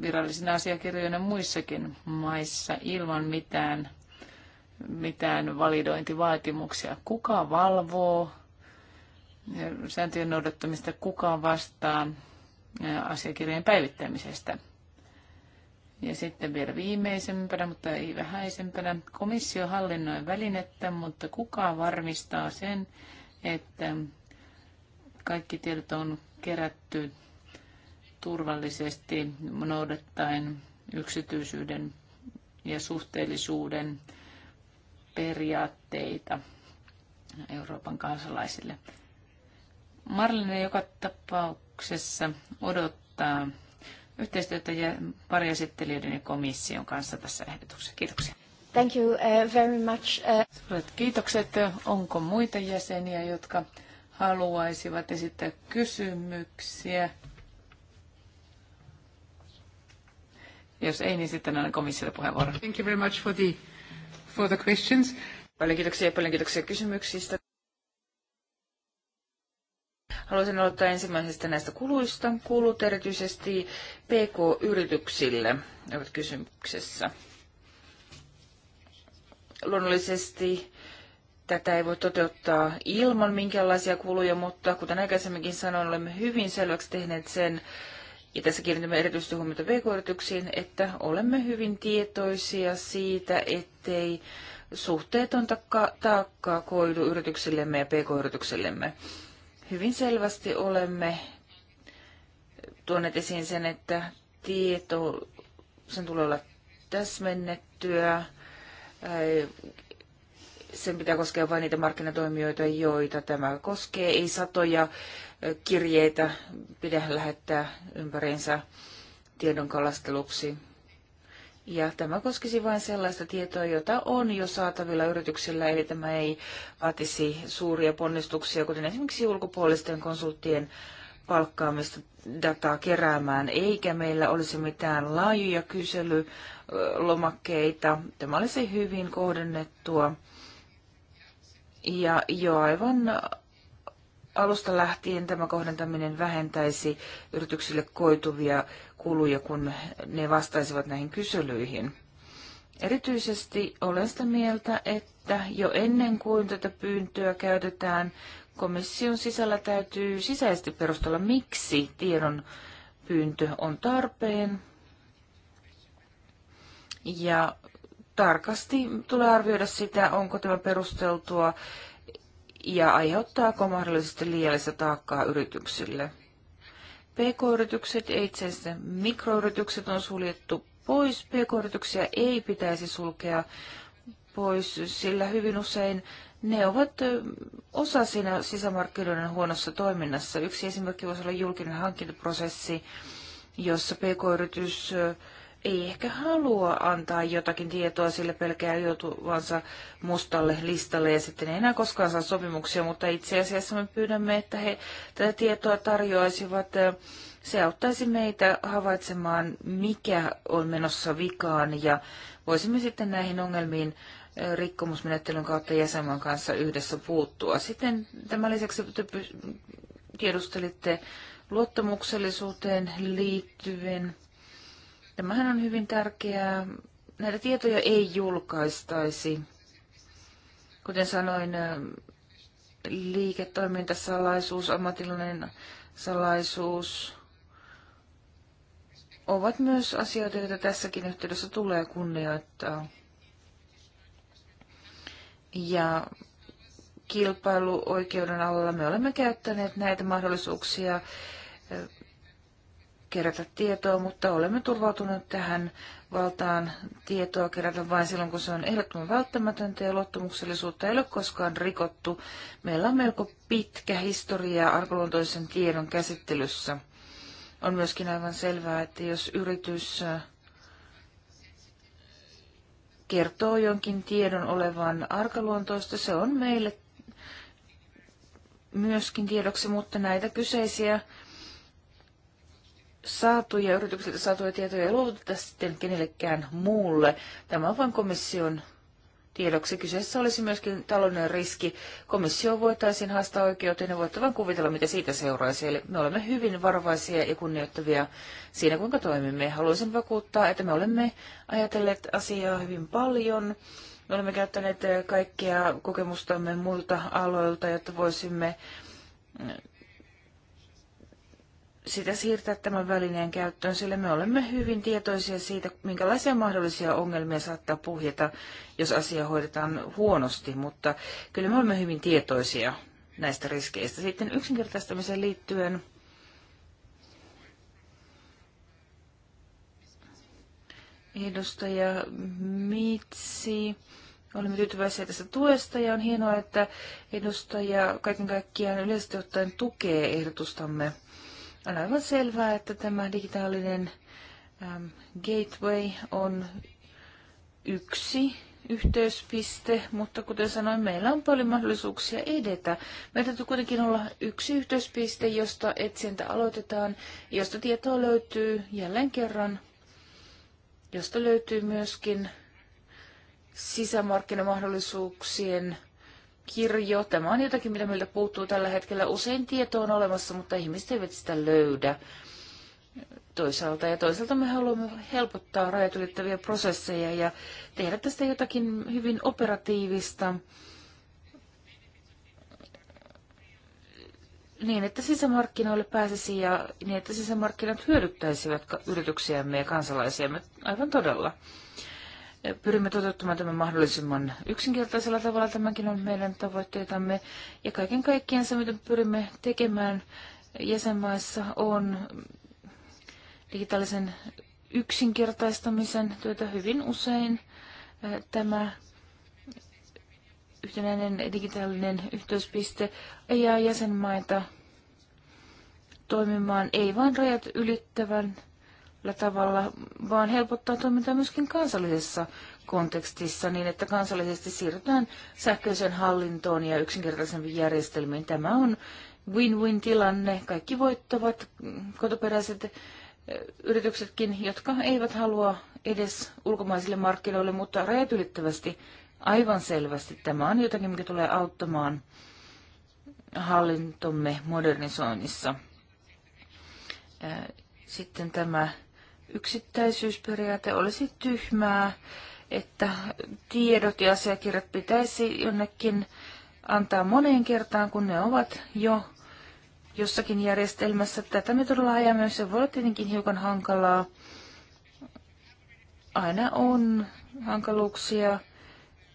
virallisina asiakirjoina muissakin maissa ilman mitään, mitään validointivaatimuksia. Kuka valvoo sääntöjen noudattamista, kuka vastaa asiakirjojen päivittämisestä. Ja sitten vielä viimeisempänä, mutta ei vähäisempänä, komissio hallinnoi välinettä, mutta kuka varmistaa sen, että kaikki tiedot on kerätty turvallisesti noudattaen yksityisyyden ja suhteellisuuden periaatteita Euroopan kansalaisille. Marlene joka tapauksessa odottaa yhteistyötä ja esittelijöiden ja komission kanssa tässä ehdotuksessa. Kiitoksia. Thank you uh, very much. Uh, Suuret kiitokset. Onko muita jäseniä, jotka haluaisivat esittää kysymyksiä? Jos ei, niin sitten annan komissiolle puheenvuoron. Thank you very much for the, for the questions. Paljon kiitoksia paljon kiitoksia kysymyksistä. Haluaisin aloittaa ensimmäisestä näistä kuluista. Kulut erityisesti PK-yrityksille ovat kysymyksessä. Luonnollisesti tätä ei voi toteuttaa ilman minkäänlaisia kuluja, mutta kuten aikaisemminkin sanoin, olemme hyvin selväksi tehneet sen, ja tässä kiinnitämme erityisesti huomiota pk-yrityksiin, että olemme hyvin tietoisia siitä, ettei suhteetonta taakkaa koidu yrityksillemme ja pk-yrityksillemme. Hyvin selvästi olemme tuoneet esiin sen, että tieto, sen tulee olla täsmennettyä, sen pitää koskea vain niitä markkinatoimijoita, joita tämä koskee, ei satoja kirjeitä pidä lähettää ympäriinsä tiedonkalasteluksi. Ja tämä koskisi vain sellaista tietoa, jota on jo saatavilla yrityksillä, eli tämä ei vaatisi suuria ponnistuksia, kuten esimerkiksi ulkopuolisten konsulttien palkkaamista dataa keräämään, eikä meillä olisi mitään laajuja kyselylomakkeita. Tämä olisi hyvin kohdennettua ja jo aivan alusta lähtien tämä kohdentaminen vähentäisi yrityksille koituvia kuluja, kun ne vastaisivat näihin kyselyihin. Erityisesti olen sitä mieltä, että jo ennen kuin tätä pyyntöä käytetään, komission sisällä täytyy sisäisesti perustella, miksi tiedon pyyntö on tarpeen. Ja tarkasti tulee arvioida sitä, onko tämä perusteltua ja aiheuttaako mahdollisesti liiallista taakkaa yrityksille. PK-yritykset ja itse asiassa mikroyritykset on suljettu pois. PK-yrityksiä ei pitäisi sulkea pois, sillä hyvin usein ne ovat osa siinä sisämarkkinoiden huonossa toiminnassa. Yksi esimerkki voisi olla julkinen hankintaprosessi, jossa PK-yritys ei ehkä halua antaa jotakin tietoa, sille pelkää joutuvansa mustalle listalle ja sitten ei enää koskaan saa sopimuksia, mutta itse asiassa me pyydämme, että he tätä tietoa tarjoaisivat. Se auttaisi meitä havaitsemaan, mikä on menossa vikaan ja voisimme sitten näihin ongelmiin eh, rikkomusmenettelyn kautta jäsenmaan kanssa yhdessä puuttua. Sitten tämän lisäksi te tiedustelitte luottamuksellisuuteen liittyen Tämähän on hyvin tärkeää. Näitä tietoja ei julkaistaisi. Kuten sanoin, liiketoimintasalaisuus, ammatillinen salaisuus ovat myös asioita, joita tässäkin yhteydessä tulee kunnioittaa. Ja kilpailuoikeuden alalla me olemme käyttäneet näitä mahdollisuuksia kerätä tietoa, mutta olemme turvautuneet tähän valtaan tietoa kerätä vain silloin, kun se on ehdottoman välttämätöntä ja luottamuksellisuutta ei ole koskaan rikottu. Meillä on melko pitkä historia arkaluontoisen tiedon käsittelyssä. On myöskin aivan selvää, että jos yritys äh, kertoo jonkin tiedon olevan arkaluontoista, se on meille myöskin tiedoksi, mutta näitä kyseisiä saatuja, yrityksiltä saatuja tietoja ei luovuteta sitten kenellekään muulle. Tämä on vain komission tiedoksi. Kyseessä olisi myöskin taloudellinen riski. Komissio voitaisiin haastaa oikeuteen ja voitte vain kuvitella, mitä siitä seuraisi. Eli me olemme hyvin varovaisia ja kunnioittavia siinä, kuinka toimimme. Haluaisin vakuuttaa, että me olemme ajatelleet asiaa hyvin paljon. Me olemme käyttäneet kaikkia kokemustamme muilta aloilta, jotta voisimme sitä siirtää tämän välineen käyttöön, sillä me olemme hyvin tietoisia siitä, minkälaisia mahdollisia ongelmia saattaa puhjeta, jos asia hoidetaan huonosti, mutta kyllä me olemme hyvin tietoisia näistä riskeistä. Sitten yksinkertaistamiseen liittyen edustaja Mitsi. Olemme tyytyväisiä tästä tuesta ja on hienoa, että edustaja kaiken kaikkiaan yleisesti ottaen tukee ehdotustamme on aivan selvää, että tämä digitaalinen äm, gateway on yksi yhteyspiste, mutta kuten sanoin, meillä on paljon mahdollisuuksia edetä. Meidän täytyy kuitenkin olla yksi yhteyspiste, josta etsintä aloitetaan, josta tietoa löytyy jälleen kerran, josta löytyy myöskin sisämarkkinamahdollisuuksien kirjo. Tämä on jotakin, mitä meiltä puuttuu tällä hetkellä. Usein tieto on olemassa, mutta ihmiset eivät sitä löydä toisaalta. Ja toisaalta me haluamme helpottaa rajat ylittäviä prosesseja ja tehdä tästä jotakin hyvin operatiivista. niin, että sisämarkkinoille pääsisi ja niin, että sisämarkkinat hyödyttäisivät yrityksiämme ja kansalaisiamme aivan todella. Pyrimme toteuttamaan tämän mahdollisimman yksinkertaisella tavalla. Tämäkin on meidän tavoitteitamme. Ja kaiken kaikkiaan se, mitä pyrimme tekemään jäsenmaissa, on digitaalisen yksinkertaistamisen työtä hyvin usein. Tämä yhtenäinen digitaalinen yhteyspiste ajaa jäsenmaita toimimaan ei vain rajat ylittävän tavalla, vaan helpottaa toimintaa myöskin kansallisessa kontekstissa niin, että kansallisesti siirrytään sähköiseen hallintoon ja yksinkertaisempiin järjestelmiin. Tämä on win-win-tilanne. Kaikki voittavat kotoperäiset eh, yrityksetkin, jotka eivät halua edes ulkomaisille markkinoille, mutta rajat ylittävästi aivan selvästi tämä on jotakin, mikä tulee auttamaan hallintomme modernisoinnissa. Eh, sitten tämä yksittäisyysperiaate olisi tyhmää, että tiedot ja asiakirjat pitäisi jonnekin antaa moneen kertaan, kun ne ovat jo jossakin järjestelmässä. Tätä me todella ajamme, se voi olla tietenkin hiukan hankalaa. Aina on hankaluuksia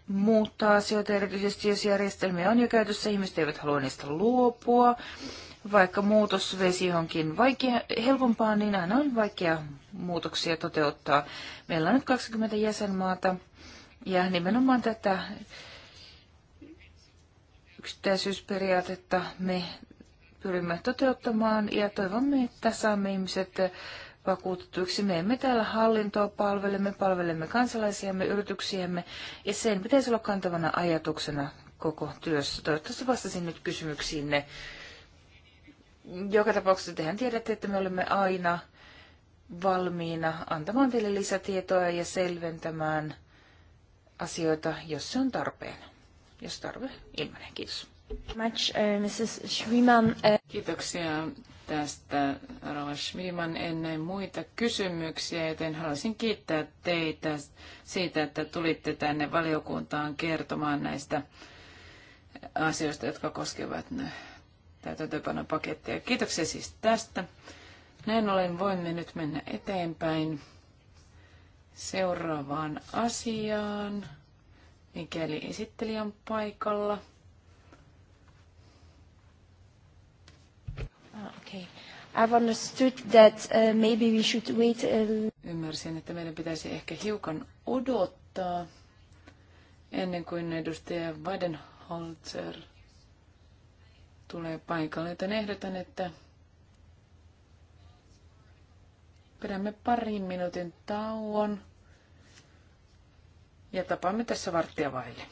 muuttaa asioita, erityisesti jos järjestelmiä on jo käytössä, ihmiset eivät halua niistä luopua. Vaikka muutos vesi johonkin vaikea, helpompaa, niin aina on vaikea muutoksia toteuttaa. Meillä on nyt 20 jäsenmaata ja nimenomaan tätä yksittäisyysperiaatetta me pyrimme toteuttamaan ja toivomme, että saamme ihmiset vakuutetuiksi. Me emme täällä hallintoa palvelemme, palvelemme kansalaisiamme, yrityksiämme ja sen pitäisi olla kantavana ajatuksena koko työssä. Toivottavasti vastasin nyt kysymyksiinne joka tapauksessa tehän tiedätte, että me olemme aina valmiina antamaan teille lisätietoja ja selventämään asioita, jos se on tarpeen. Jos tarve ilmenee. Kiitos. Much, uh, Mrs. Schwiman, uh... Kiitoksia tästä, Rova Schwiman. Ennen muita kysymyksiä, joten haluaisin kiittää teitä siitä, että tulitte tänne valiokuntaan kertomaan näistä asioista, jotka koskevat täytäntöönpanopakettia. Kiitoksia siis tästä. Näin ollen voimme nyt mennä eteenpäin seuraavaan asiaan, mikäli esittelijä on paikalla. Ah, okay. I've understood that uh, maybe we should wait. A... Ymmärsin, että meidän pitäisi ehkä hiukan odottaa ennen kuin edustaja Weidenholzer tulee paikalle, joten ehdotan, että pidämme parin minuutin tauon ja tapaamme tässä varttia vaille.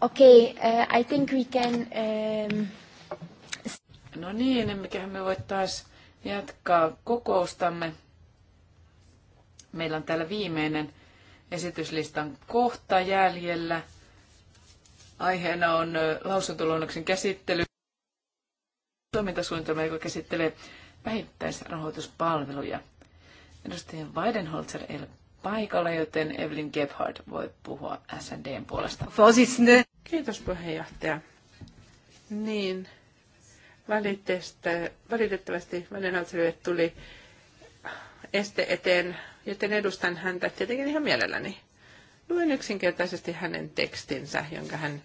Okei, okay, uh, I think we can... Um... No niin, emmeköhän me voi jatkaa kokoustamme. Meillä on täällä viimeinen esityslistan kohta jäljellä. Aiheena on lausuntoluonnoksen käsittely. Toimintasuunnitelma, joka käsittelee vähittäisrahoituspalveluja. Edustaja Weidenholzer ei ole paikalla, joten Evelyn Gebhardt voi puhua SD:n puolesta. Vorsitzende. Kiitos puheenjohtaja. Niin, valitettavasti Valenautselle tuli este eteen, joten edustan häntä tietenkin ihan mielelläni. Luen yksinkertaisesti hänen tekstinsä, jonka hän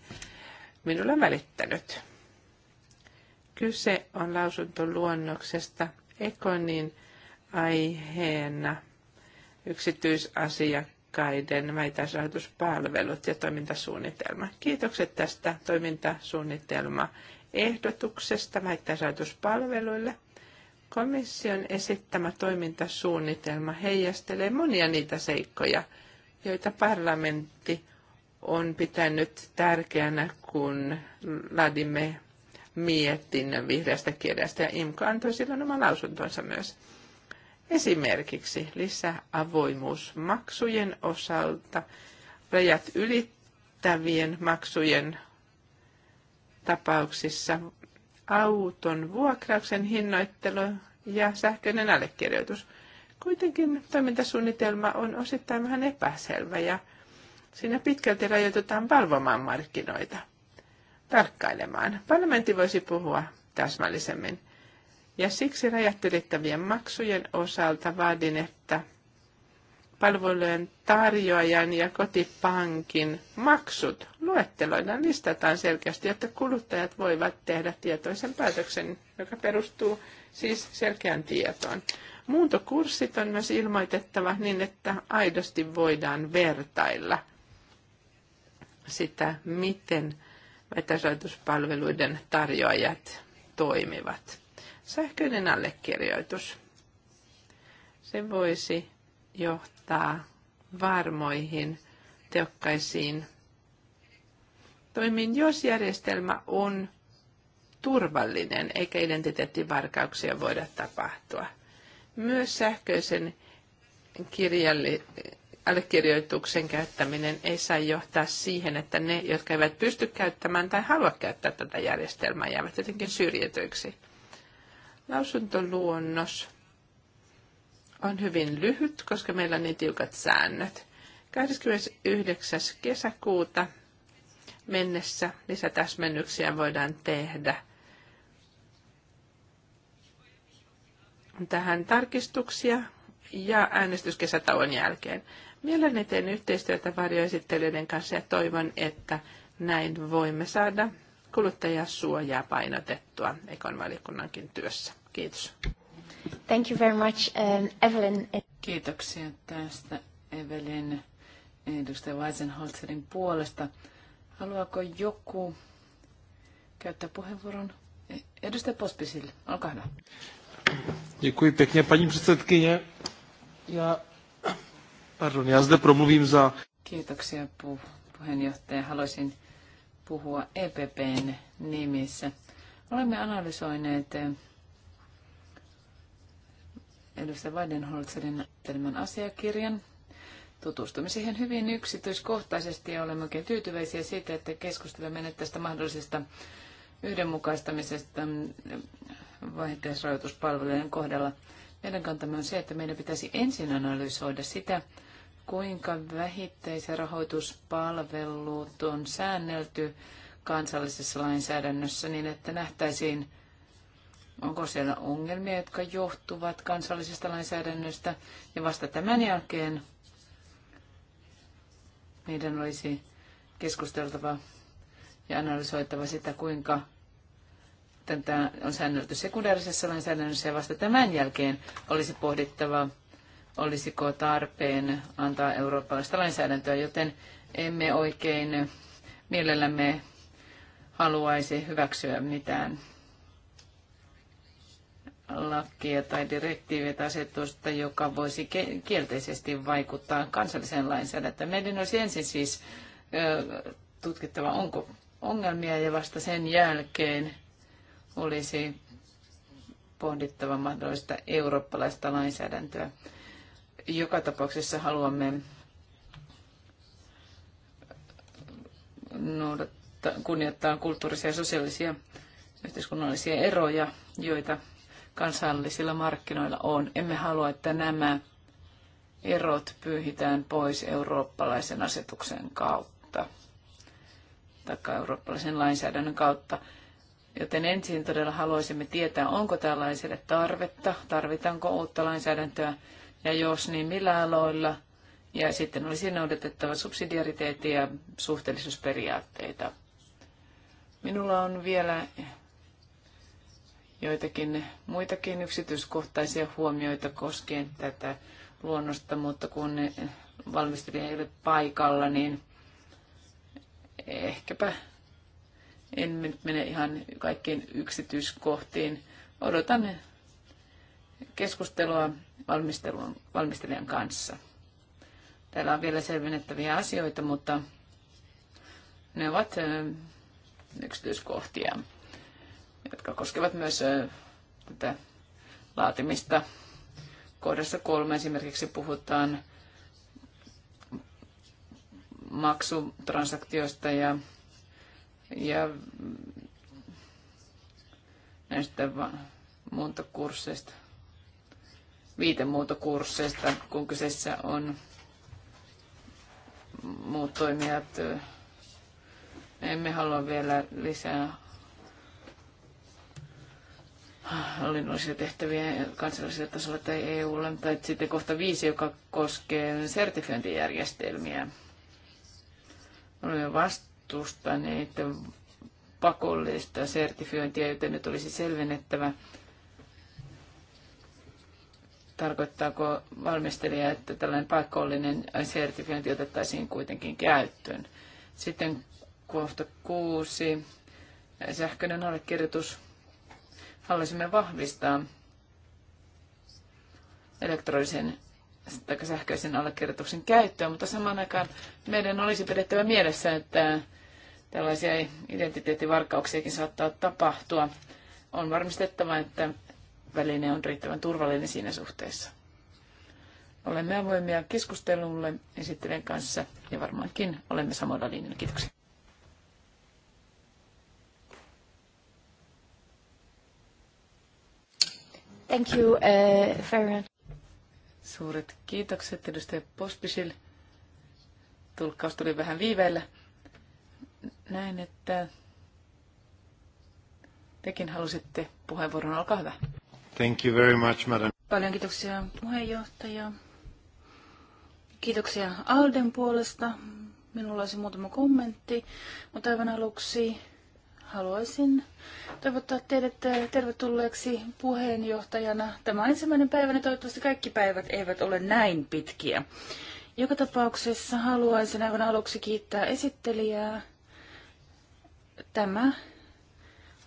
minulle on välittänyt. Kyse on lausuntoluonnoksesta Ekonin aiheena yksityisasia asiakkaiden vähittäisrahoituspalvelut ja toimintasuunnitelma. Kiitokset tästä toimintasuunnitelmaehdotuksesta vähittäisrahoituspalveluille. Komission esittämä toimintasuunnitelma heijastelee monia niitä seikkoja, joita parlamentti on pitänyt tärkeänä, kun laadimme mietinnön vihreästä kirjasta ja IMKA antoi silloin oman lausuntonsa myös. Esimerkiksi lisäavoimuus maksujen osalta, rajat ylittävien maksujen tapauksissa, auton vuokrauksen hinnoittelu ja sähköinen allekirjoitus. Kuitenkin toimintasuunnitelma on osittain vähän epäselvä ja siinä pitkälti rajoitetaan valvomaan markkinoita, tarkkailemaan. Parlamentti voisi puhua täsmällisemmin ja siksi räjähtelettävien maksujen osalta vaadin, että palvelujen tarjoajan ja kotipankin maksut luetteloidaan, listataan selkeästi, jotta kuluttajat voivat tehdä tietoisen päätöksen, joka perustuu siis selkeään tietoon. Muuntokurssit on myös ilmoitettava niin, että aidosti voidaan vertailla sitä, miten vetäsoituspalveluiden tarjoajat toimivat sähköinen allekirjoitus. Se voisi johtaa varmoihin, tehokkaisiin toimiin, jos järjestelmä on turvallinen, eikä identiteettivarkauksia voida tapahtua. Myös sähköisen kirjalli, allekirjoituksen käyttäminen ei saa johtaa siihen, että ne, jotka eivät pysty käyttämään tai halua käyttää tätä järjestelmää, jäävät jotenkin syrjityiksi. Lausuntoluonnos on hyvin lyhyt, koska meillä on niin tiukat säännöt. 29. kesäkuuta mennessä lisätäsmennyksiä voidaan tehdä tähän tarkistuksia ja äänestyskesätauon jälkeen. Mielelläni teen yhteistyötä varjoesittelijöiden kanssa ja toivon, että näin voimme saada kuluttajasuojaa painotettua Ekon valikunnankin työssä. Kiitos. Thank you very much, um, Evelyn. Kiitoksia tästä Evelyn edustaja Weisenholzerin puolesta. Haluaako joku käyttää puheenvuoron? Edustaja Pospisil, olkaa hyvä. Děkuji pěkně, paní předsedkyně. Já, pardon, já zde promluvím za... Kiitoksia, puheenjohtaja. Haluaisin puhua EPPn nimissä. Olemme analysoineet eh, edustaja Weidenholzerin tämän asiakirjan. Tutustumme siihen hyvin yksityiskohtaisesti ja olemme oikein tyytyväisiä siitä, että keskustelemme nyt tästä mahdollisesta yhdenmukaistamisesta eh, vaihteisrajoituspalvelujen kohdalla. Meidän kantamme on se, että meidän pitäisi ensin analysoida sitä, kuinka rahoituspalvelut on säännelty kansallisessa lainsäädännössä niin, että nähtäisiin, onko siellä ongelmia, jotka johtuvat kansallisesta lainsäädännöstä. Ja vasta tämän jälkeen meidän olisi keskusteltava ja analysoitava sitä, kuinka tätä on säännelty sekundaarisessa lainsäädännössä ja vasta tämän jälkeen olisi pohdittava olisiko tarpeen antaa eurooppalaista lainsäädäntöä, joten emme oikein mielellämme haluaisi hyväksyä mitään lakia tai direktiiviä tai asetusta, joka voisi kielteisesti vaikuttaa kansalliseen lainsäädäntöön. Meidän olisi ensin siis tutkittava, onko ongelmia ja vasta sen jälkeen olisi pohdittava mahdollista eurooppalaista lainsäädäntöä. Joka tapauksessa haluamme noudattaa, kunnioittaa kulttuurisia ja sosiaalisia yhteiskunnallisia eroja, joita kansallisilla markkinoilla on. Emme halua, että nämä erot pyyhitään pois eurooppalaisen asetuksen kautta tai eurooppalaisen lainsäädännön kautta. Joten ensin todella haluaisimme tietää, onko tällaiselle tarvetta, tarvitaanko uutta lainsäädäntöä ja jos niin millä aloilla. Ja sitten olisi noudatettava subsidiariteetti ja suhteellisuusperiaatteita. Minulla on vielä joitakin muitakin yksityiskohtaisia huomioita koskien tätä luonnosta, mutta kun valmistelija ei ole paikalla, niin ehkäpä en nyt mene ihan kaikkiin yksityiskohtiin. Odotan keskustelua valmistelun, valmistelijan kanssa. Täällä on vielä selvennettäviä asioita, mutta ne ovat yksityiskohtia, jotka koskevat myös tätä laatimista. Kohdassa kolme esimerkiksi puhutaan maksutransaktioista ja, ja näistä muuntokursseista viitemuotokursseista, kun kyseessä on muut toimijat. Me emme halua vielä lisää hallinnollisia tehtäviä kansallisella tasolla tai EUlla, tai sitten kohta viisi, joka koskee sertifiointijärjestelmiä. Olemme vastustaneet pakollista sertifiointia, joten nyt olisi selvennettävä, tarkoittaako valmistelija, että tällainen pakollinen sertifiointi otettaisiin kuitenkin käyttöön. Sitten kohta kuusi, sähköinen allekirjoitus. Haluaisimme vahvistaa elektronisen tai sähköisen allekirjoituksen käyttöä, mutta samaan aikaan meidän olisi pidettävä mielessä, että tällaisia identiteettivarkauksiakin saattaa tapahtua. On varmistettava, että väline on riittävän turvallinen siinä suhteessa. Olemme avoimia keskustelulle esittelijän kanssa ja varmaankin olemme samalla linjalla. Kiitoksia. Thank you uh, very much. Suuret kiitokset edustaja Pospisil. Tulkkaus tuli vähän viiveellä. Näin, että tekin halusitte puheenvuoron. Olkaa hyvä. Thank you very much, madam. Paljon kiitoksia puheenjohtaja. Kiitoksia Alden puolesta. Minulla olisi muutama kommentti, mutta aivan aluksi haluaisin toivottaa teidät tervetulleeksi puheenjohtajana. Tämä on ensimmäinen päivä, niin toivottavasti kaikki päivät eivät ole näin pitkiä. Joka tapauksessa haluaisin aivan aluksi kiittää esittelijää. Tämä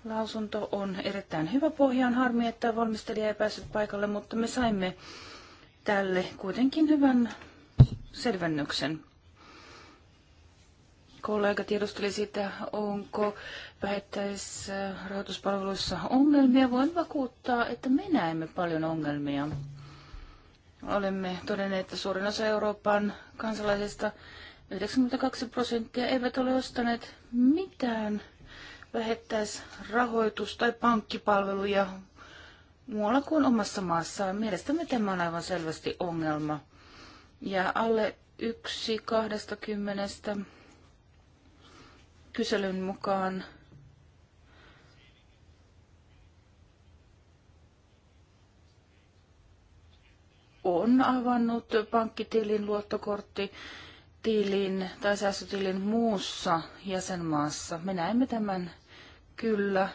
lausunto on erittäin hyvä pohja. On harmi, että valmistelija ei päässyt paikalle, mutta me saimme tälle kuitenkin hyvän selvennyksen. Kollega tiedusteli sitä, onko vähittäisrahoituspalveluissa ongelmia. Voin vakuuttaa, että me näemme paljon ongelmia. Olemme todenneet, että suurin osa Euroopan kansalaisista, 92 prosenttia, eivät ole ostaneet mitään rahoitus- tai pankkipalveluja muualla kuin omassa maassaan. Mielestämme tämä on aivan selvästi ongelma. Ja alle yksi kahdesta kymmenestä kyselyn mukaan on avannut pankkitilin luottokortti tilin tai säästötilin muussa jäsenmaassa. Me näemme tämän kyllä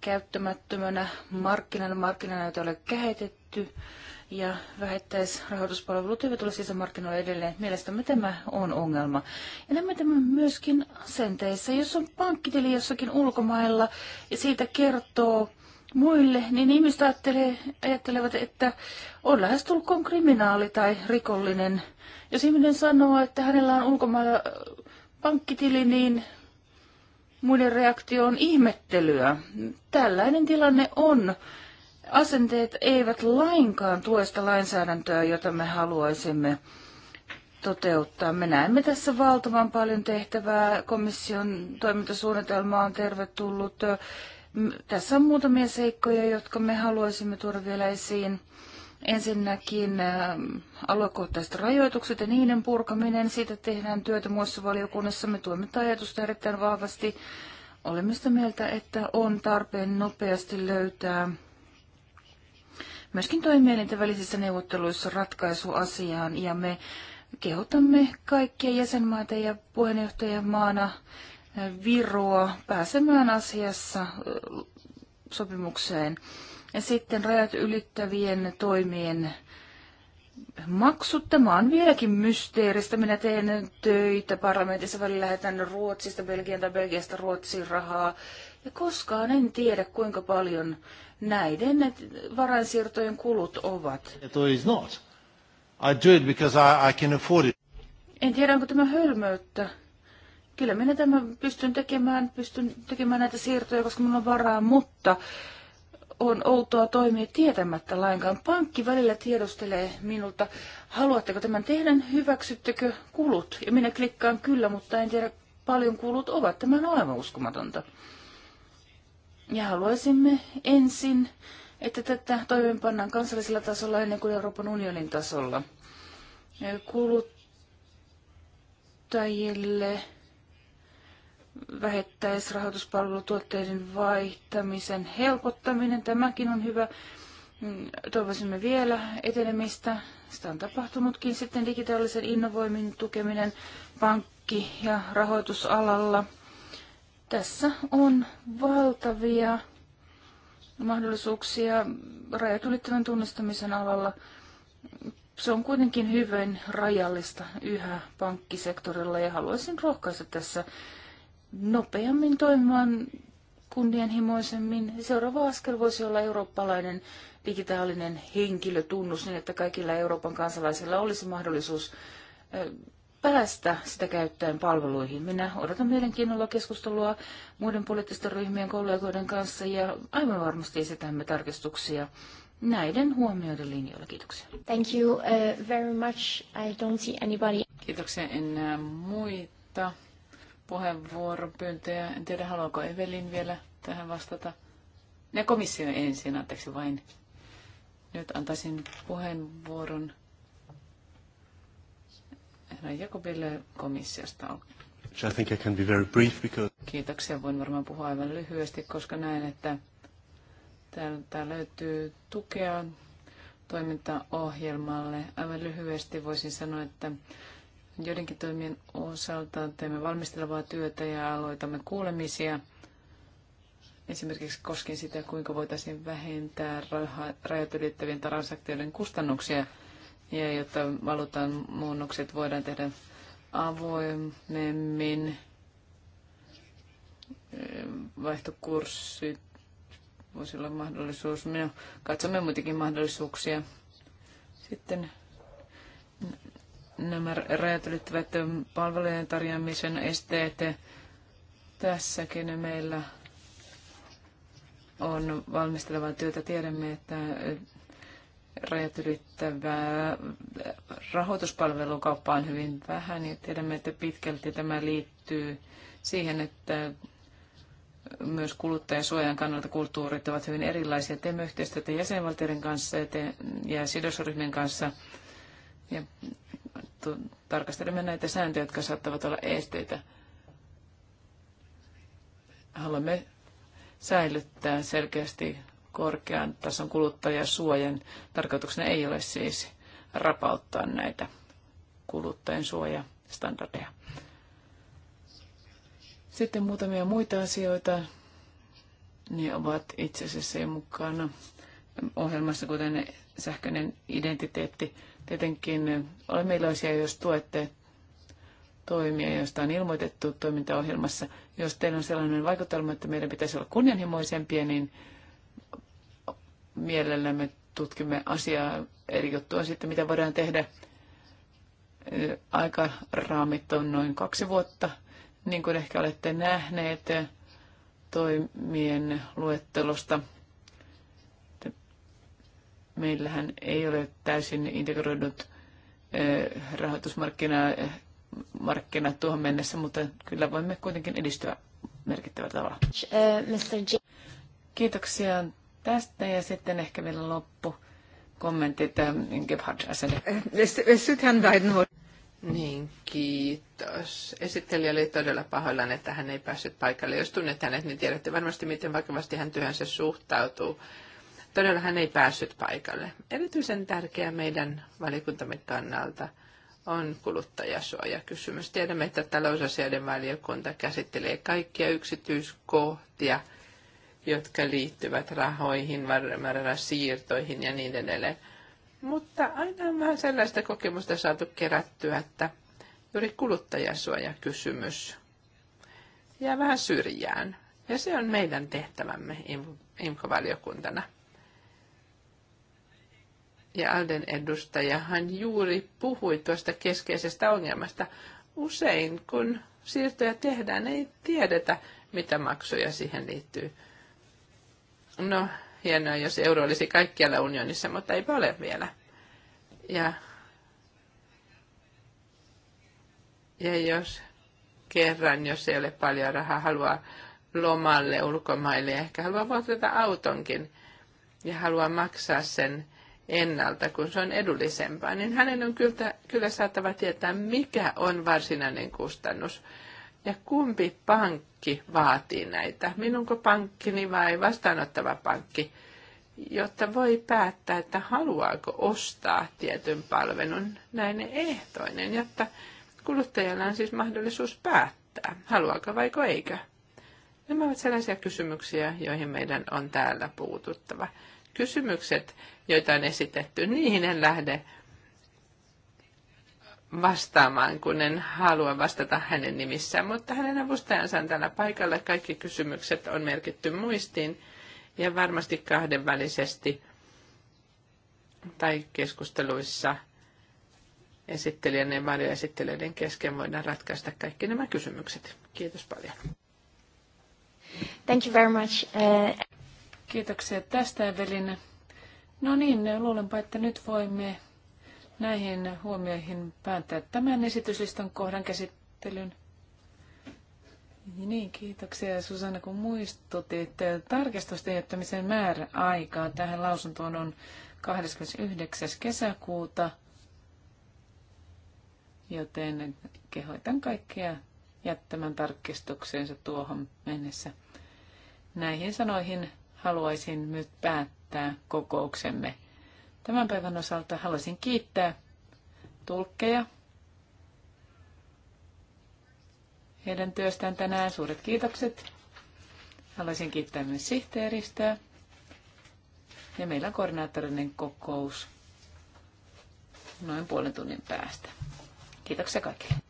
käyttämättömänä markkinana. Markkinana, jota ei ole kehitetty ja vähittäisrahoituspalvelut eivät ole sisämarkkinoilla edelleen. Mielestämme tämä on ongelma. Ja näemme tämän myöskin asenteissa. Jos on pankkitili jossakin ulkomailla ja siitä kertoo muille, niin ihmiset ajattelee, ajattelevat, että on lähestulkoon kriminaali tai rikollinen. Jos ihminen sanoo, että hänellä on ulkomailla pankkitili, niin muiden reaktio on ihmettelyä. Tällainen tilanne on. Asenteet eivät lainkaan tuesta lainsäädäntöä, jota me haluaisimme toteuttaa. Me näemme tässä valtavan paljon tehtävää. Komission toimintasuunnitelma on tervetullut. Tässä on muutamia seikkoja, jotka me haluaisimme tuoda vielä esiin. Ensinnäkin ähm, aluekohtaiset rajoitukset ja niiden purkaminen. Siitä tehdään työtä muissa valiokunnassa. Me tuemme ajatusta erittäin vahvasti. Olemme sitä mieltä, että on tarpeen nopeasti löytää myöskin toimielintä välisissä neuvotteluissa ratkaisuasiaan. asiaan. Ja me kehotamme kaikkia jäsenmaita ja puheenjohtajamaana maana Viroa pääsemään asiassa sopimukseen. Ja sitten rajat ylittävien toimien maksut. Tämä on vieläkin mysteeristä. Minä teen töitä parlamentissa, välillä lähetän Ruotsista Belgian tai Belgiasta Ruotsiin rahaa. Ja koskaan en tiedä, kuinka paljon näiden varainsiirtojen kulut ovat. En tiedä, onko tämä hölmöyttä kyllä minä tämän pystyn tekemään, pystyn tekemään näitä siirtoja, koska minulla on varaa, mutta on outoa toimia tietämättä lainkaan. Pankki välillä tiedostelee minulta, haluatteko tämän tehdä, hyväksyttekö kulut? Ja minä klikkaan kyllä, mutta en tiedä paljon kulut ovat. Tämä on aivan uskomatonta. Ja haluaisimme ensin, että tätä toimeenpannaan kansallisella tasolla ennen kuin Euroopan unionin tasolla. Kuluttajille vähittäisrahoituspalvelutuotteiden vaihtamisen helpottaminen. Tämäkin on hyvä. Mm, Toivoisimme vielä etenemistä. Sitä on tapahtunutkin sitten digitaalisen innovoimin tukeminen pankki- ja rahoitusalalla. Tässä on valtavia mahdollisuuksia rajat ylittävän tunnistamisen alalla. Se on kuitenkin hyvin rajallista yhä pankkisektorilla ja haluaisin rohkaista tässä nopeammin toimimaan kunnianhimoisemmin. Seuraava askel voisi olla eurooppalainen digitaalinen henkilötunnus niin, että kaikilla Euroopan kansalaisilla olisi mahdollisuus päästä sitä käyttäen palveluihin. Minä odotan mielenkiinnolla keskustelua muiden poliittisten ryhmien kollegoiden kanssa ja aivan varmasti esitämme tarkistuksia näiden huomioiden linjoilla. Kiitoksia. Thank you uh, very much. I don't see anybody. Kiitoksia. En näe muita puheenvuoropyyntöjä. En tiedä, haluaako Evelin vielä tähän vastata. Ne komissio ensin, anteeksi vain. Nyt antaisin puheenvuoron herra Jakobille komissiosta. I think I can be very brief because... Kiitoksia, voin varmaan puhua aivan lyhyesti, koska näen, että täältä löytyy tukea toimintaohjelmalle. Aivan lyhyesti voisin sanoa, että Joidenkin toimien osalta teemme valmistelevaa työtä ja aloitamme kuulemisia. Esimerkiksi koskien sitä, kuinka voitaisiin vähentää rajat ylittävien transaktioiden kustannuksia ja jotta valuutan muunnokset voidaan tehdä avoimemmin. Vaihtokurssit voisi olla mahdollisuus. Minä katsomme muitakin mahdollisuuksia. Sitten nämä rajat ylittävät palvelujen tarjoamisen esteet. Tässäkin meillä on valmistelevaa työtä. Tiedämme, että rajat ylittävää rahoituspalvelukauppa on hyvin vähän ja tiedämme, että pitkälti tämä liittyy siihen, että myös kuluttajasuojan kannalta kulttuurit ovat hyvin erilaisia. Teemme yhteistyötä jäsenvaltioiden kanssa ja sidosryhmien kanssa ja tarkastelemme näitä sääntöjä, jotka saattavat olla esteitä. Haluamme säilyttää selkeästi korkean tason kuluttajasuojan. Tarkoituksena ei ole siis rapauttaa näitä kuluttajien suojastandardeja. Sitten muutamia muita asioita. Ne ovat itse asiassa mukana ohjelmassa, kuten sähköinen identiteetti. Tietenkin olemme iloisia, jos tuette toimia, joista on ilmoitettu toimintaohjelmassa. Jos teillä on sellainen vaikutelma, että meidän pitäisi olla kunnianhimoisempia, niin mielellämme tutkimme asiaa eri juttua sitten, mitä voidaan tehdä. Aikaraamit on noin kaksi vuotta, niin kuin ehkä olette nähneet toimien luettelosta. Meillähän ei ole täysin integroidut rahoitusmarkkinat tuohon mennessä, mutta kyllä voimme kuitenkin edistyä merkittävällä tavalla. Kiitoksia tästä ja sitten ehkä vielä loppu kommentit ähm, Gebhard Aselle. Niin, kiitos. Esittelijä oli todella pahoillaan, että hän ei päässyt paikalle. Jos tunnet hänet, niin tiedätte varmasti, miten vakavasti hän työhönsä suhtautuu. Todella hän ei päässyt paikalle. Erityisen tärkeää meidän valiokuntamme kannalta on kuluttajasuojakysymys. Tiedämme, että talousasioiden valiokunta käsittelee kaikkia yksityiskohtia, jotka liittyvät rahoihin, siirtoihin ja niin edelleen. Mutta aina on vähän sellaista kokemusta saatu kerättyä, että juuri kuluttajasuojakysymys jää vähän syrjään. Ja se on meidän tehtävämme imko valiokuntana ja Alden edustajahan hän juuri puhui tuosta keskeisestä ongelmasta. Usein kun siirtoja tehdään, ei tiedetä, mitä maksuja siihen liittyy. No, hienoa, jos euro olisi kaikkialla unionissa, mutta ei ole vielä. Ja, ja jos kerran, jos ei ole paljon rahaa, haluaa lomalle ulkomaille ja ehkä haluaa vuokrata autonkin ja haluaa maksaa sen ennalta, kun se on edullisempaa, niin hänen on kyllä, kyllä saatava tietää, mikä on varsinainen kustannus ja kumpi pankki vaatii näitä, minunko pankkini vai vastaanottava pankki, jotta voi päättää, että haluaako ostaa tietyn palvelun näin ehtoinen, jotta kuluttajalla on siis mahdollisuus päättää, haluaako vaiko eikö. Nämä ovat sellaisia kysymyksiä, joihin meidän on täällä puututtava kysymykset, joita on esitetty, niihin en lähde vastaamaan, kun en halua vastata hänen nimissään, mutta hänen avustajansa on täällä paikalla. Kaikki kysymykset on merkitty muistiin ja varmasti kahdenvälisesti tai keskusteluissa esittelijän ja varjoesittelijöiden kesken voidaan ratkaista kaikki nämä kysymykset. Kiitos paljon. Thank you very much. Uh... Kiitoksia tästä, Evelin. No niin, luulenpa, että nyt voimme näihin huomioihin päättää tämän esityslistan kohdan käsittelyn. Niin, kiitoksia Susanna, kun muistutit. Tarkistusten jättämisen määräaikaa tähän lausuntoon on 29. kesäkuuta, joten kehoitan kaikkia jättämään tarkistuksensa tuohon mennessä. Näihin sanoihin haluaisin nyt päättää kokouksemme. Tämän päivän osalta haluaisin kiittää tulkkeja heidän työstään tänään. Suuret kiitokset. Haluaisin kiittää myös sihteeristöä. Ja meillä on koordinaattorinen kokous noin puolen tunnin päästä. Kiitoksia kaikille.